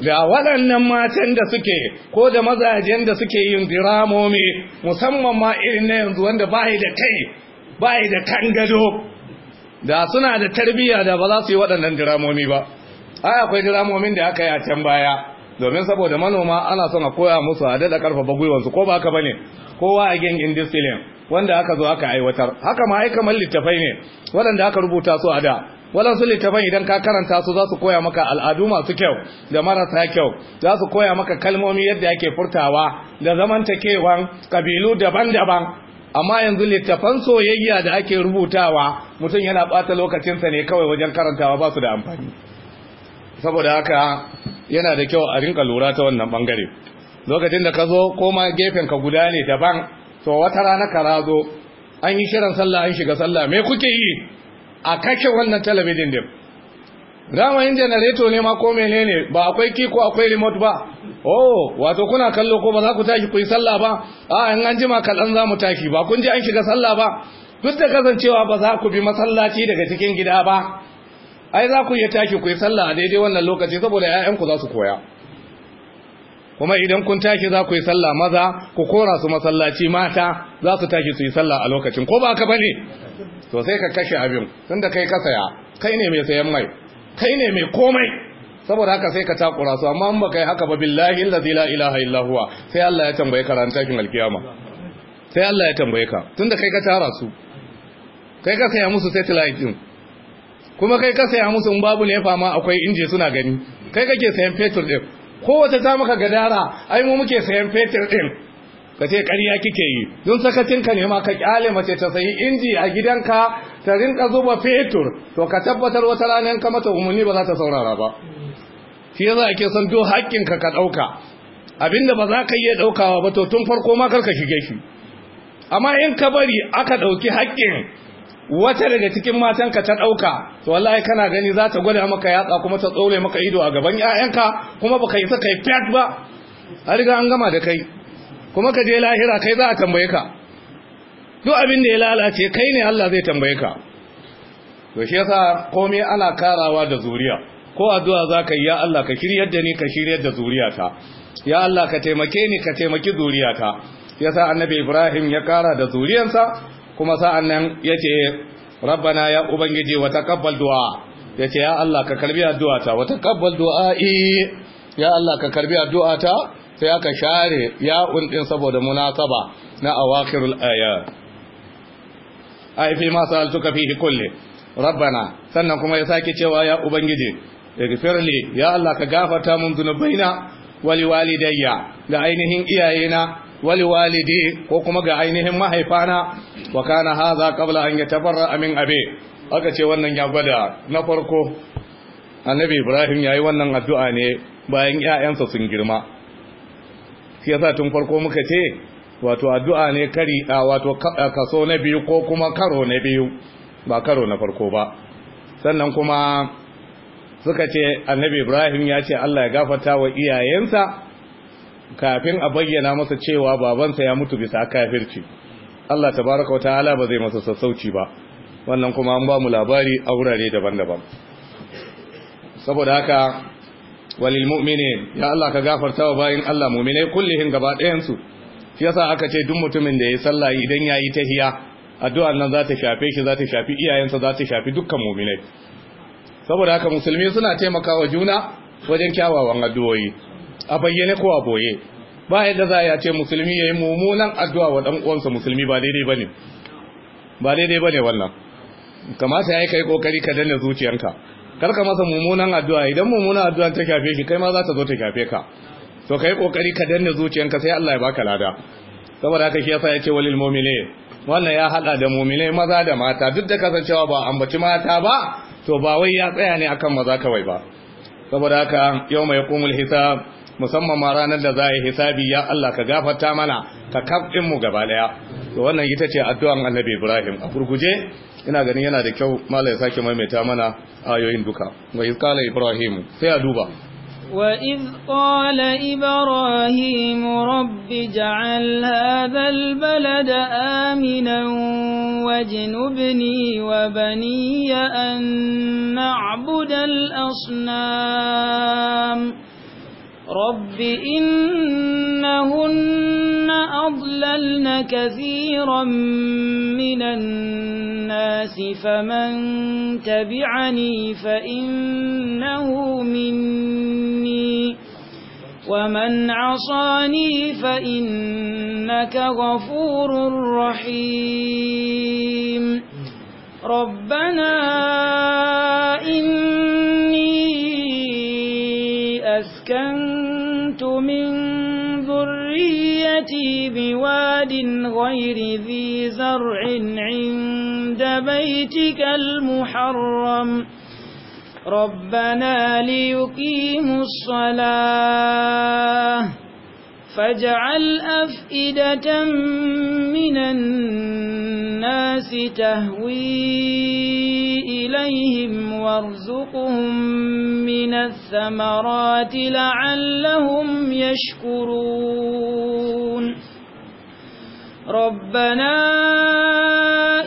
da waɗannan matan da suke ko da mazajen da suke yin diramomi musamman ma irin na yanzu wanda yi da kai yi da tangado da suna da tarbiyya da ba za su yi waɗannan diramomi ba ai akwai diramomin da aka yi a can baya domin saboda manoma ana son a koya musu a daɗa ƙarfafa gwiwansu ko ba haka bane kowa a gen indiscipline wanda aka zo aka aiwatar haka ma aika kamar littafai ne waɗanda aka rubuta su a da waɗansu littafan idan ka karanta su za su koya maka al'adu masu kyau da marasa kyau za su koya maka kalmomi yadda ake furtawa da zamantakewan kabilu daban-daban amma yanzu littafan soyayya da ake rubutawa mutum yana ɓata lokacinsa ne kawai wajen karantawa ba su da amfani saboda haka yana da kyau a rinka lura ta wannan bangare lokacin da ka zo koma gefen ka guda ne daban to wata rana ka razo an yi shirin sallah an shiga sallah me kuke yi a kashe wannan talabijin din zamanin janareto ne ma ko menene ba akwai kiko akwai remote ba oh wato kuna kallo ko ba za ku tashi ku yi sallah ba a in an jima kaɗan za mu tashi ba kun ji an shiga sallah ba duk da kasancewa ba za ku bi masallaci daga cikin gida ba ai za ku iya tashi ku yi sallah a daidai wannan lokaci saboda ‘ya'yanku za su koya kuma idan kun tashi za ku yi sallah maza ku kora su masallaci mata za su tashi su yi sallah a lokacin ko ba ka ne to sai ka kashe abin tunda kai ka saya kai ne mai sayan mai kai ne mai komai saboda haka sai ka takura su amma in ba kai haka ba billahi allazi la ilaha sai Allah ya tambaye ka ran tashin alkiyama sai Allah ya tambaye ka tunda kai ka tara su kai ka saya musu satellite din kuma kai ka saya musu in babu ne fama akwai inji suna gani kai kake sayan fetur din kowace ta maka gadara ai mu muke sayan fetur din ka ce ƙarya kike yi don ka ne ma ka kyale mace ta sayi inji a gidanka ta rinka zuba fetur to ka tabbatar wata ranar ka mata umarni ba za ta saurara ba shi yasa ake son do haƙƙinka ka ɗauka abinda ba za ka iya ɗaukawa ba to tun farko ma karka shige shi amma in ka bari aka ɗauki hakkin wata daga cikin matanka ta ɗauka to wallahi kana gani za ta gwada maka yatsa kuma ta tsole maka ido a gaban 'ya'yanka kuma baka yi saka fat ba a riga an gama da kai kuma ka je lahira kai za a tambaye ka duk abin da ya lalace kai ne Allah zai tambaye ka to shi yasa komai ana karawa da zuriya ko addu'a ka yi ya Allah ka shiryar da ni ka yadda da zuriyata ya Allah ka taimake ni ka taimaki zuriyata yasa annabi Ibrahim ya kara da zuriyarsa kuma sa'an nan ya ce rabbana ya ubangiji wata taqabbal du'a ya ce ya Allah ka karbi wata wa taqabbal du'a'i ya Allah ka karbi ta, sai aka share ya undin saboda munasaba na awakhirul aya ai fi ma sa'altuka fihi kulli rabbana sannan kuma ya sake cewa ya ubangiji ighfirli ya Allah ka gafarta mun zunubaina wali walidayya ga ainihin iyayena wali walidi ko kuma ga ainihin mahaifana wa kana haza qabla an yatabarra min abi aka ce wannan ya gwada na farko annabi ibrahim yayi wannan addu'a ne bayan ƴaƴansa sun girma shi yasa tun farko muka ce wato addu'a ne kari wato kaso na biyu ko kuma karo na biyu ba karo na farko ba sannan kuma suka ce annabi ibrahim ya ce allah ya gafata wa iyayensa kafin a bayyana masa cewa babansa ya mutu bisa kafirci Allah tabaraka wataala ba zai masa sassauci ba wannan kuma an ba mu labari a wurare daban-daban saboda haka walil mu'mini ya Allah ka gafarta wa bayin Allah mu'minai kullihin gaba ɗayan su shi yasa aka ce duk mutumin da ya sallah idan yayi tahiya addu'an nan za ta shafe shi za ta shafi iyayensa za ta shafi dukkan mu'minai saboda haka musulmi suna taimakawa juna wajen kyawawan addu'o'i a bayyane ko a boye ba yadda za a ce musulmi ya yi mummunan addu'a wa ɗan'uwansa musulmi ba daidai ba ne ba daidai ba ne wannan kamata ya yi kai ƙoƙari ka danna zuciyarka kar ka masa mummunan addu'a idan mummunan addu'a ta kyafe shi kai ma za ta zo ta kyafe ka to kai ƙoƙari ka danna zuciyarka sai Allah ya baka lada saboda haka shi yasa ya ce walil mumine wannan ya hada da mumine maza da mata duk da kasancewa ba ambaci mata ba to ba wai ya tsaya ne akan maza kawai ba saboda haka yau mai kumul hisab musamman ma ranar da za a yi hisabi ya Allah ka gafarta mana ka kaf mu gaba daya to wannan ita ce addu'an Annabi Ibrahim a gurguje ina ganin yana da kyau mallai sake maimaita mana ayoyin duka wa iz qala Ibrahim sai a duba
wa iz qala Ibrahim rabbi ja'al hadha albalada aminan wajnubni wa baniya an na'budu asnam رب إنهن أضللن كثيرا من الناس فمن تبعني فإنه مني ومن عصاني فإنك غفور رحيم ربنا إني أسكنت من ذريتي بواد غير ذي زرع عند بيتك المحرم ربنا ليقيموا الصلاة فاجعل أفئدة من الناس تهوي إليهم وارزقهم من الثمرات لعلهم يشكرون ربنا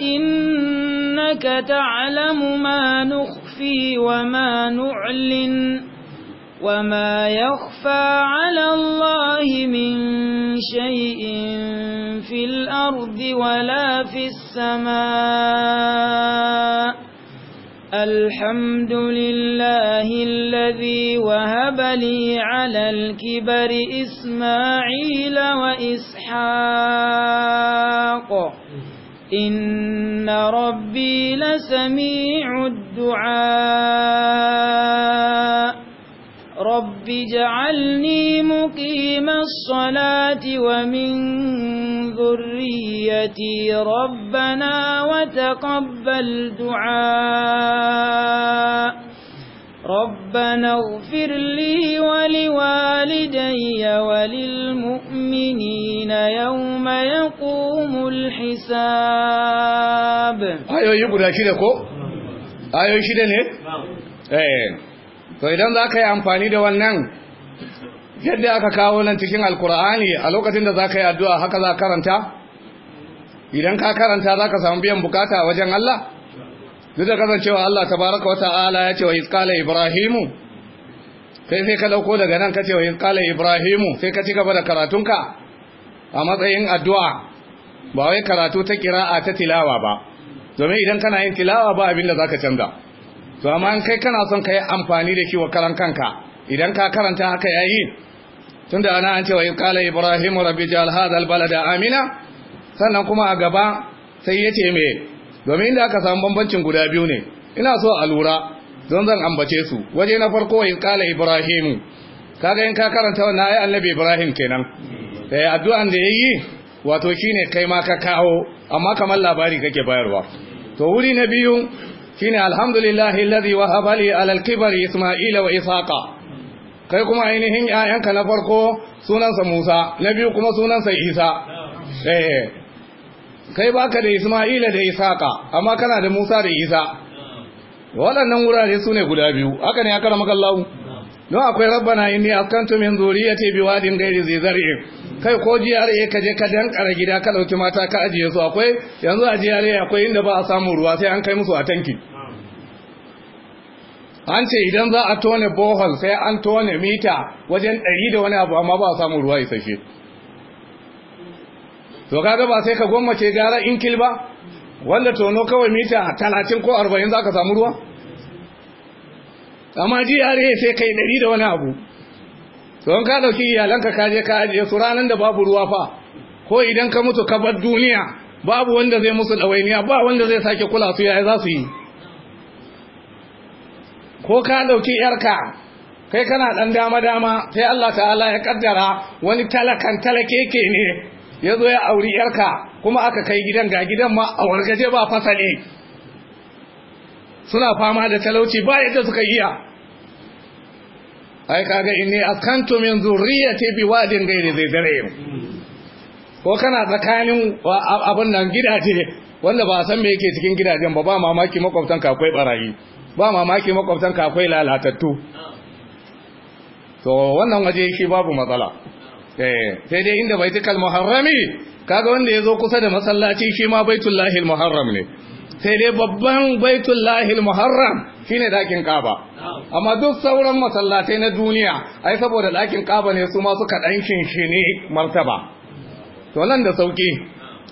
إنك تعلم ما نخفي وما نعلن وما يخفى على الله من شيء في الأرض ولا في السماء الحمد لله الذي وهب لي على الكبر إسماعيل وإسحاق إن ربي لسميع الدعاء رب اجعلني مقيم الصلاة ومن ذريتي ربنا وتقبل دعاء ربنا اغفر لي ولوالدي وللمؤمنين يوم يقوم الحساب أيوه يقول
شيء ايوه شيء ليه نعم. Eh. to idan za ka yi amfani da wannan yadda aka kawo nan cikin alkur'ani a lokacin da za ka yi addu'a haka za karanta idan ka karanta za ka samu biyan bukata wajen Allah duk da kasancewa Allah tabaraka wata ta'ala ya ce wa iskala ibrahimu sai sai ka dauko daga nan ka ce wa iskala ibrahimu sai ka ci gaba da karatunka a matsayin addu'a ba wai karatu ta kira'a ta tilawa ba domin idan kana yin tilawa ba abin da za ka canza to amma in kai kana son ka yi amfani da shi wa karan kanka idan ka karanta haka yayi tunda ana an cewa qala ibrahim rabbi hada al balada amina sannan kuma a gaba sai yace me domin inda aka samu bambancin guda biyu ne ina so a lura don zan ambace su waje na farko wa qala ibrahim kaga in ka karanta wannan ayi annabi ibrahim kenan sai eh, addu'an da yayi wato shine kai ma ka kawo amma kamar labari kake bayarwa to wuri na biyu shine alhamdulillahi alladhi wahaba li ala al isma'ila wa isaqa kai kuma ainihin ƴaƴanka na farko sunansa Musa na biyu kuma sunansa Isa eh kai baka da Isma'ila da Isaqa amma kana da Musa da Isa waɗannan wurare su ne guda biyu haka ne ya karama kallahu don akwai rabbana inni askantu min zuriyati wadin ghairi zizari'in kai ko GRA ka je ka dankara gida ka dauki mata ka ajiye su akwai yanzu a GRA akwai inda ba a samu ruwa sai an kai musu a tanki an ce idan za a tone bohol sai an tone mita wajen ɗari da wani abu amma ba a samun ruwa isashe. to kaga ba sai ka gwammace gara inkil ba wanda tono kawai mita talatin ko arba'in za ka samu ruwa amma GRA sai kai ɗari da wani abu don ka ɗauki iyalanka ka je ka ajiye su ranar da babu ruwa fa ko idan ka mutu ka bar duniya babu wanda zai musu ɗawainiya ba wanda zai sake kula su yaya za su yi ko ka ɗauki ‘yarka kai kana ɗan dama-dama sai Allah ta'ala ya kaddara wani talakan talakeke ne ya zo ya auri ‘yarka kuma aka kai gidan ga gidan ma a wargaje ba fasale suna fama da talauci ba yadda suka iya ai kaga inni askantu min zurriyati biwadin gairi zai dare ko kana tsakanin abin nan gidaje wanda ba san me yake cikin gidajen ba ba mamaki makwabtan ka akwai barayi ba mamaki makwabtanka akwai lalatattu to wannan waje shi babu matsala eh, sai dai inda baitul muharrami kaga wanda ya zo kusa da masallaci shi ma baitul muharram ne sai dai babban baitullahi lahil muharram shine dakin kaba amma duk sauran masallatai na duniya ai saboda dakin kaba ne su ma suka dankin shi ne martaba to nan da sauki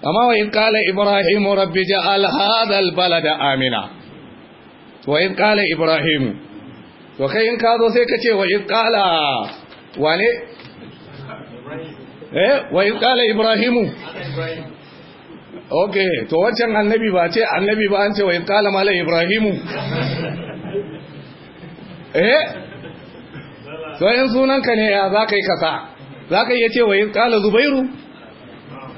amma wa in ibrahim rabbi ja'al hadha al balada amina wa in qala ibrahim to kai in ka zo sai ka ce wa in qala wane eh wa in qala ibrahim okay to wancan annabi ba ce annabi ba an ce wa in qala mala ibrahim eh to in sunanka ne ya zaka yi kasa zaka iya ce wa in qala zubairu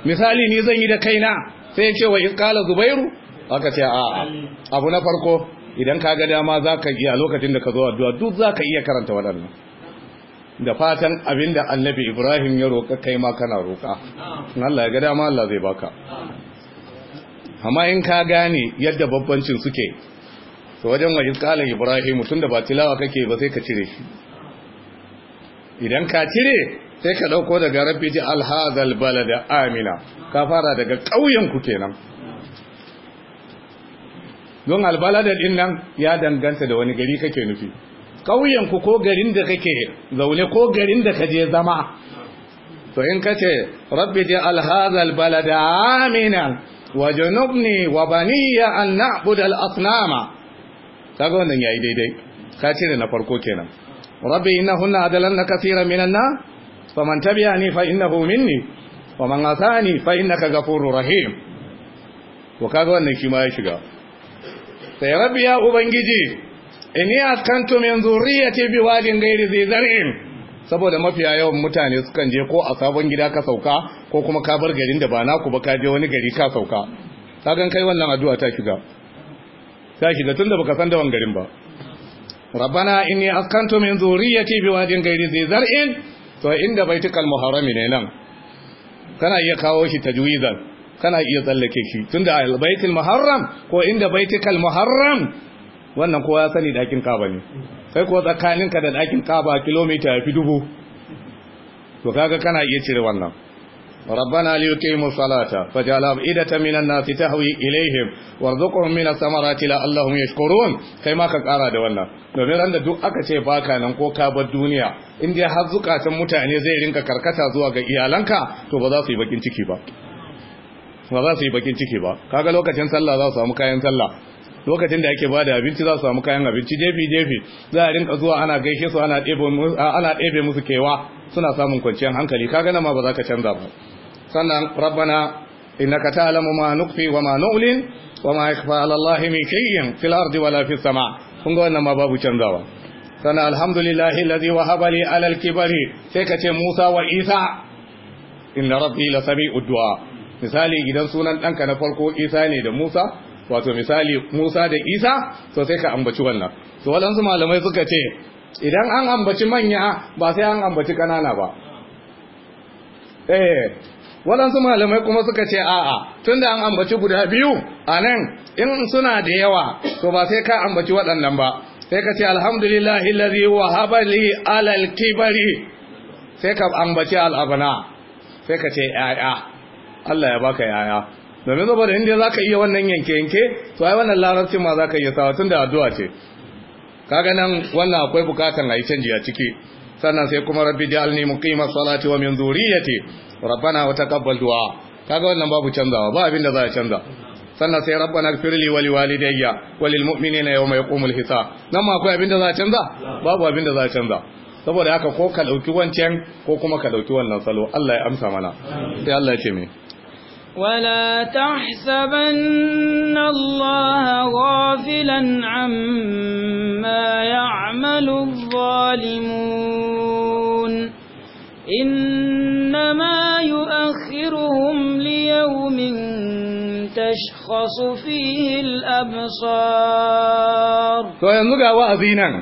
misali ni zan yi da kaina sai ya ce wa in qala zubairu aka ce a'a abu na farko idan ka ga dama za ka iya lokacin da ka zo addu'a duk za ka iya karanta waɗannan da fatan abin da annabi ibrahim ya roƙa kai ma kana roƙa Allah ya ga dama Allah zai baka amma in ka gane yadda babbancin suke to wajen wajen kalan ibrahim tun da ba tilawa kake ba sai ka cire idan ka cire sai ka ɗauko daga rabbi ji alhazal da amina ka fara daga ƙauyen ku kenan don albalada din nan ya danganta da wani gari kake nufi Ƙauyenku ko garin da kake zaune ko garin da kaje zama to in kace rabbi ji alhaza albalada amina wa wa baniya an na'bud al-asnama kaga wannan yayi daidai ka ce da na farko kenan rabbi innahunna adalanna kaseeran minan nas faman tabi'ani fa innahu minni wa man asani fa innaka ghafurur rahim to kaga wannan shi ma ya shiga sai rabbi ya ubangiji inni askantu min zurriyati biwadin ghairi zai saboda mafiya yawan mutane sukan je ko a sabon gida ka sauka ko kuma ka bar garin da ba naku ba ka je wani gari ka sauka gan kai wannan addu'a ta shiga ta shiga tunda baka san da wannan garin ba rabbana inni askantu min zurriyyati biwadin ghairi dhi to inda baitikal muharrami ne nan kana iya kawo shi tajwizan kana iya tsallake shi tunda albaitul muharram ko inda baitikal muharram wannan kowa ya sani dakin kaba ne Sai ko tsakaninka da dakin kaba kilomita ya fi dubu to kaga kana iya cire wannan ربنا ليقيموا الصلاة فجعل أفئدة من الناس تهوي إليهم وارزقهم من الثمرات لعلهم يشكرون kai ma ka kara da wannan domin ran da duk aka ce baka nan ko ka bar duniya in dai har zukatan mutane zai rinka karkata zuwa ga iyalanka to ba za su yi bakin ciki ba ba za su yi bakin ciki ba kaga lokacin sallah za su samu kayan sallah lokacin da ake bada abinci za su samu kayan abinci jefi jefi za a rinka zuwa ana gaishe su ana ɗebe musu ana ɗebe musu kewa suna samun kwanciyar hankali kaga nan ma ba za ka canza ba sannan rabbana innaka ta'lamu ma nukhfi wa ma nu'lin wa ma yakhfa 'ala allahi min shay'in fil ardi wala fis sama' kun ga wannan ma babu canzawa sannan alhamdulillahi alladhi wahaba li 'ala al-kibari sai ka ce Musa wa Isa inna rabbi la sami'u du'a misali idan sunan ɗanka na farko isa ne da musa wato misali musa da isa so sai ka ambaci wannan to waɗansu malamai suka ce idan an ambaci manya ba sai an ambaci ƙanana ba ee eh, waɗansu malamai kuma suka ce a'a tun da an ambaci guda biyu a nan in suna da yawa So ba sai ka ambaci waɗannan ba sai ka ce alhamdulillah ilari wa habali alal kibari sai ka ambaci al'abana sai ka ce ‘ya'ya Allah ya baka yaya domin saboda inda zaka iya wannan yanke yanke to ai wannan larabcin ma zaka iya sawa tunda addu'a ce kaga nan wannan akwai bukatan a yi canji a ciki sannan sai kuma rabbi ja'alni muqima salati wa min zuriyati rabbana wa taqabbal du'a kaga wannan babu canzawa ba abin da za a canza sannan sai rabbana ighfirli wa walidayya wa lil mu'minina yawma yaqumul hisab nan ma akwai abin da za a canza babu abin da za a canza saboda haka ko ka dauki wancan ko kuma ka dauki wannan salo Allah ya amsa mana sai Allah ya ce me
ولا تحسبن الله غافلا عما يعمل الظالمون إنما يؤخرهم ليوم تشخص فيه الأبصار to yanzu ga wa'azi nan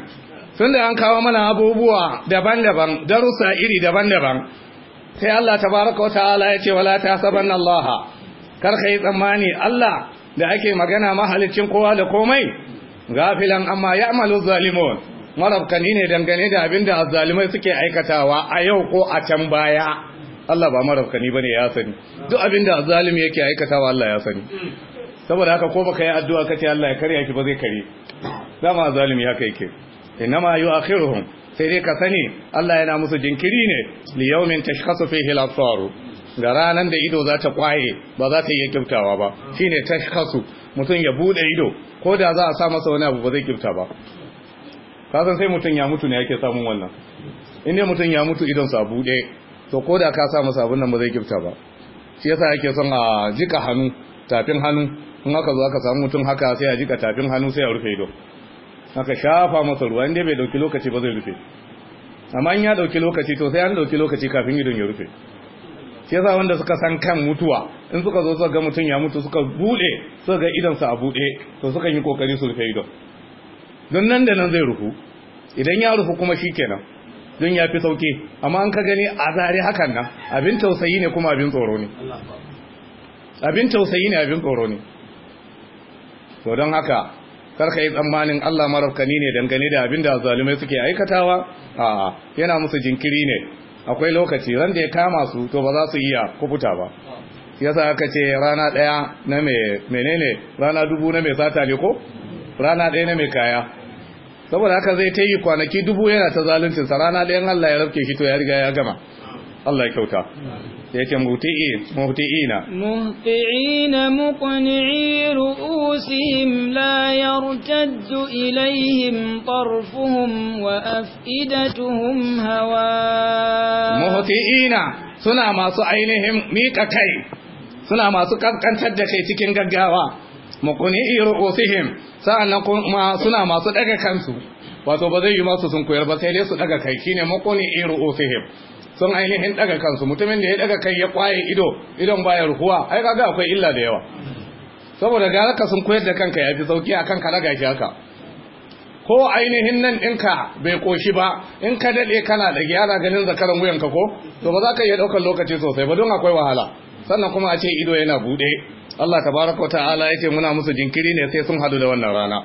tunda an
kawo mana abubuwa daban-daban darussa iri daban-daban sai Allah Ta wata ala ya ce wala ta saban Allah kar yi tsammani Allah da ake magana mahalicin kowa da komai gafilan amma ya amalu zalimun marabkani ne dangane da abinda zalimai suke aikatawa a yau ko a can baya Allah ba marabkani bane ya sani duk abinda zalimi yake aikatawa Allah ya sani saboda haka ko baka yi addu'a kace Allah ya karya ki ba zai kare dama zalimi haka yake inma yu'akhiruhum sai dai ka sani Allah yana musu jinkiri ne li yawmin tashkhasu fihi al-absaru ga ranan da ido za ta kwaye ba za ta iya kiftawa ba shine tashkhasu mutum ya bude ido ko da za a sa masa wani abu ba zai kifta ba kasan sai mutum ya mutu ne yake samun wannan in ne mutum ya mutu idon sa bude to ko da ka sa masa abun nan ba zai kifta ba shi yasa yake son a jika hannu tafin hannu in aka zo aka samu mutum haka sai a jika tafin hannu sai a rufe ido aka shafa masa ruwa inda bai dauki lokaci ba zai rufe amma in ya dauki lokaci to sai an dauki lokaci kafin idon ya rufe shi yasa wanda suka san kan mutuwa in suka zo suka ga mutum ya mutu suka bude suka ga sa a bude to suka yi kokari su rufe idon don nan da nan zai rufu idan ya rufu kuma shi kenan don ya fi sauki amma an ka gani a zare hakan nan abin tausayi ne kuma abin tsoro ne abin tausayi ne abin tsoro ne to don haka karka yi tsammanin Allah marafkani ne dangane da abin da zalimai suke aikatawa a yana musu jinkiri ne akwai lokaci ran da ya kama su to ba za su iya kubuta ba yasa aka ce rana daya na me menene rana dubu na mai sata ne ko rana daya na mai kaya saboda haka zai ta yi kwanaki dubu yana ta zaluncinsa, rana rana dayan Allah ya rafke shi ya riga ya gama Allah ya kyauta yake muhti'ina
muhti'ina muqni'i ru'usihim la yartaddu ilayhim tarfuhum wa af'idatuhum hawa
muhti'ina suna masu ainihin mika kai suna masu kaskantar da kai cikin gaggawa muqni'i ru'usihim sa'annan kuma suna masu daga kansu wato ba zai yi masu sun koyar ba sai dai su daga kai shine muqni'i ru'usihim sun ainihin daga kansu mutumin da ya daga kai ya kwaye ido idan baya ruhuwa ai kaga akwai illa da yawa saboda gara ka sun koyar da kanka yafi sauki akan ka daga shi haka ko ainihin nan ɗinka bai koshi ba in ka daɗe kana da gyara ganin zakaran wuyanka ko to ba za ka iya ɗaukar lokaci sosai ba don akwai wahala sannan kuma a ce ido yana bude. Allah tabaraka ta'ala yace muna musu jinkiri ne sai sun hadu da wannan rana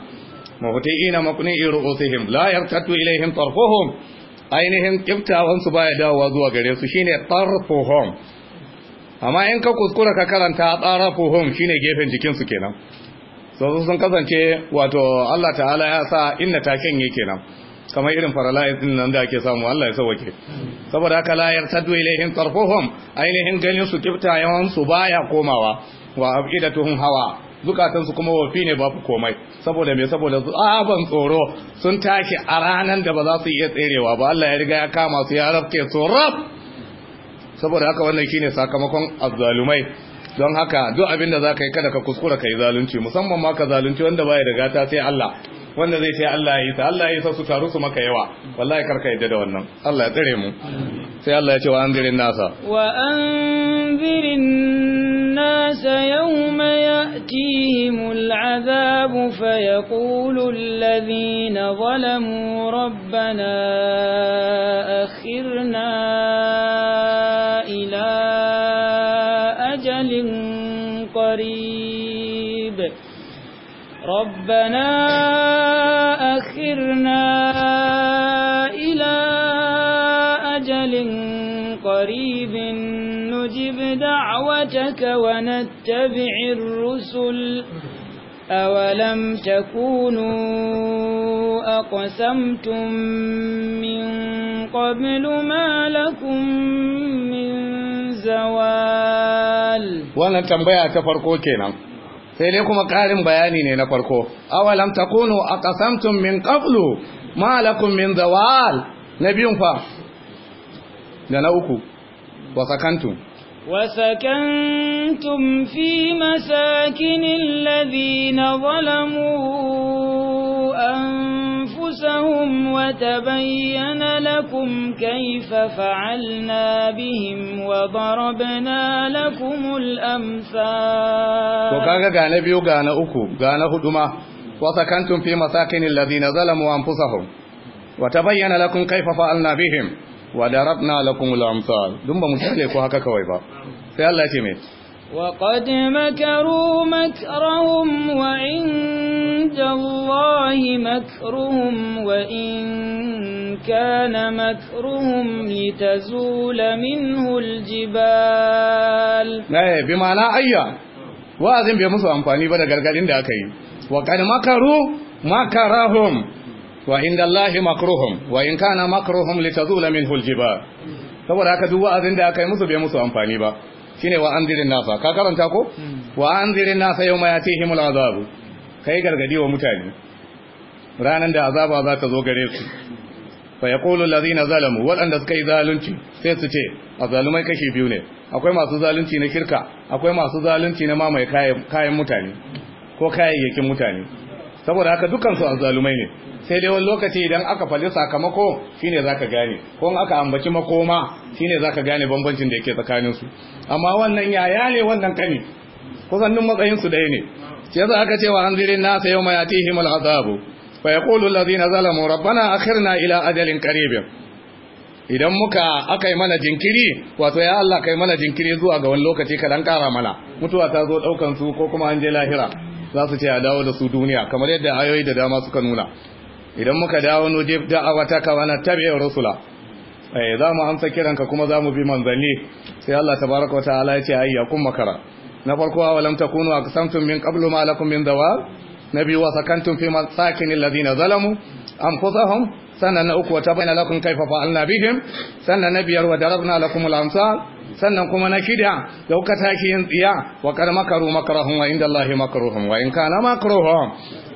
ina mafuti'ina maqni'i ru'usihim la yartatu ilaihim tarfuhum ainihin kiftawansu baya dawowa zuwa gare su shine tarfuhum amma in ka kuskura ka karanta tarfuhum shine gefen jikin su kenan so sun kasance wato Allah ta'ala ya sa inna taken yake kenan kamar irin paralyze din nan da ake samu Allah ya sauke saboda haka la yartadu ilaihim tarfuhum ainihin ganin su kiftawansu baya komawa wa abidatuhum hawa zukatansu kuma wafi ne babu komai saboda me saboda tsaban tsoro sun tashi a ranar da ba za su iya tserewa ba Allah ya riga ya kama su ya rafke su saboda haka wannan shine sakamakon azzalumai don haka duk abin da za ka yi kada ka kuskura ka yi zalunci musamman ma ka zalunci wanda baya da gata sai Allah wanda zai ce Allah ya yi ta Allah ya yi sa su taru su maka yawa wallahi karka yadda da wannan Allah ya tsare mu sai Allah ya ce wa anzirin nasa
wa anzirin nasa yawma ya'tihimul azabu fayaqulu alladhina zalamu rabbana akhirna ربنا أخرنا إلى أجل قريب نجب دعوتك ونتبع الرسل أولم تكونوا أقسمتم من قبل ما لكم من زوال
وانا تنبيه تفرقوا كينا sai dai kuma ƙarin bayani ne na farko awalam takunu aqasamtum min qablu ma lakum min zawal na biyun fa da na uku wa sakantum
fi masakin alladhina zalamu an أنفسهم وتبين لكم كيف فعلنا بهم وضربنا لكم الأمثال وكاكا
غانا بيو غانا أكو غانا هدما وسكنتم في مساكن الذين ظلموا أنفسهم وتبين لكم كيف فعلنا بهم وضربنا لكم الأمثال دم بمسالك وهكا كويبا سيالله تيمي
وقد مكروا مكرهم وعند الله مكرهم وإن كان مكرهم لتزول منه الجبال
بمعنى أيا wa'azin bai musu amfani ba da gargadin da aka yi wa kad makaru makarahum wa inda Allahi litazula saboda haka duk wa'azin da aka yi musu bai musu amfani ba shine wa anzirin nasa ka karanta ko hmm. wa anzirin nasa ce himul azabu kai gargadi wa mutane ranan da azaba za ta zo gare su fa yaqulu allazina zalamu waɗanda suka yi zalunci sai su ce azalumai kashi biyu ne akwai masu zalunci na kirka akwai masu zalunci na mamaye kayan mutane ko kayayyakin mutane saboda haka dukansu azzalumai ne sai dai wani lokaci idan aka fali sakamako shine zaka gane ko aka ambaci makoma shine zaka gane bambancin da yake tsakanin su amma wannan yaya ne wannan kani kusannin matsayin su ɗaya ne sai yasa aka ce wa anzirin nasa yawma yatihim al'azabu fa yaqulu alladhina zalamu rabbana akhirna ila ajalin qarib idan muka akai mana jinkiri wato ya Allah kai mana jinkiri zuwa ga wani lokaci ka dan kara mana mutuwa ta zo daukan su ko kuma an je lahira za su ce a dawo da su duniya kamar yadda ayoyi da dama suka nuna idan muka dawo no jef wata ta kawana tabi'ir rusula eh za mu amsa kiranka kuma za mu bi manzanni sai Allah tabaraka wa ta'ala ya ce ayya kun makara na farko awalam takunu aqsamtum min qablu ma lakum min dawab nabi wa sakantum fi masakin alladhina zalamu anfusahum sannan na uku wa tabayana lakum kayfa fa'alna bihim sannan nabiyar wa darabna lakum al-amsal sannan kuma na shida da kuka tashi yin tsiya wa kar makaru makarahum wa inda Allah makaruhum wa in kana makaruhum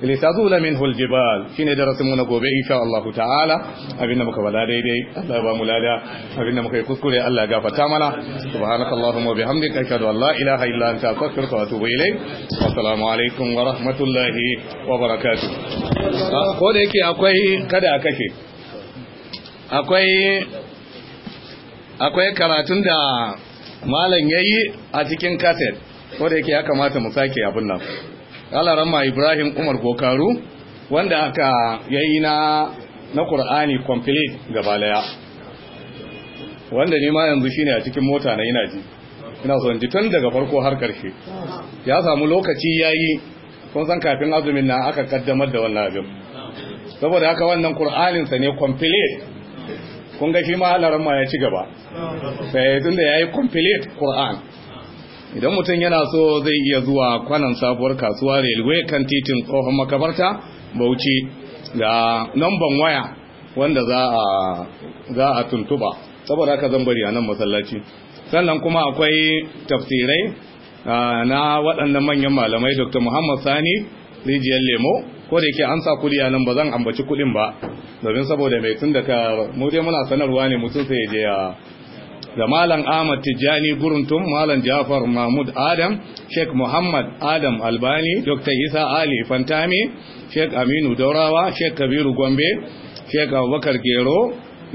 li min minhu aljibal shine darasin mu na gobe insha Allah ta'ala abinda muka bala daidai Allah ya ba mu lada abinda muka yi kuskure Allah ya gafarta mana subhanakallahumma wa bihamdika ashhadu an la ilaha illa anta astaghfiruka wa atubu ilayk assalamu alaikum wa rahmatullahi wa barakatuh ko da yake akwai kada a kashe akwai akwai karatun da malam ya yi a cikin kaset wadda yake ya kamata mu sake abin nan ma ibrahim umar gokaru wanda aka yayi na na qur'ani complete gaba daya wanda ne ma yanzu shine a cikin mota na yana ji ina son ji tun daga farko har karshe ya samu lokaci yayi kun san kafin azumin na aka kaddamar da wannan abin saboda haka wannan Kur'aninsa sa ne complete kun ga shi ma halaran ma ya ci gaba sai eh, tunda yayi complete Qur'an idan mutum yana so zai iya zuwa kwanan sabuwar kasuwa railway kan titin tsohon makabarta Bauchi ga namban waya wanda za a za a tuntuba saboda haka zan bari a nan masallaci sannan kuma akwai tafsirai ah, na waɗannan manyan malamai Dr. Muhammad Sani rijiyar lemo ko da yake an sa kudi a nan ba zan ambaci kuɗin ba domin saboda mai tun da ka mu dai muna sanarwa ne mutum sai je ya da malam Ahmad Tijjani Guruntum malam Jafar Mahmud Adam Sheikh Muhammad Adam Albani Dr. Isa Ali Fantami Sheikh Aminu Daurawa Sheikh Kabiru Gombe Sheikh Abubakar Gero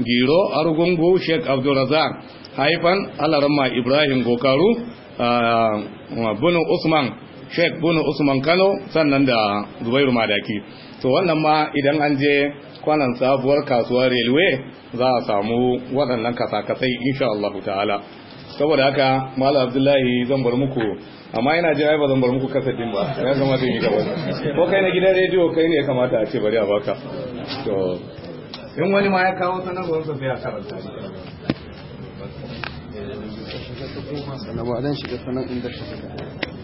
Giro Argungu Sheikh Abdulrazak Haifan Alarma Ibrahim Gokaru ah, Bunu Usman sheikh bunu usman kano sannan da zubairu madaki to wannan ma idan an je kwanan sabuwar kasuwar railway za a samu waɗannan kasakasai insha Allah ta'ala saboda haka malam abdullahi zan bar muku amma ina jira ba zan bar muku kasadin ba ya kamata yi gaba ko kai na gidan rediyo kai ne ya kamata a ce bari a baka to in wani ma ya kawo sanarwar sa sai a karanta
shi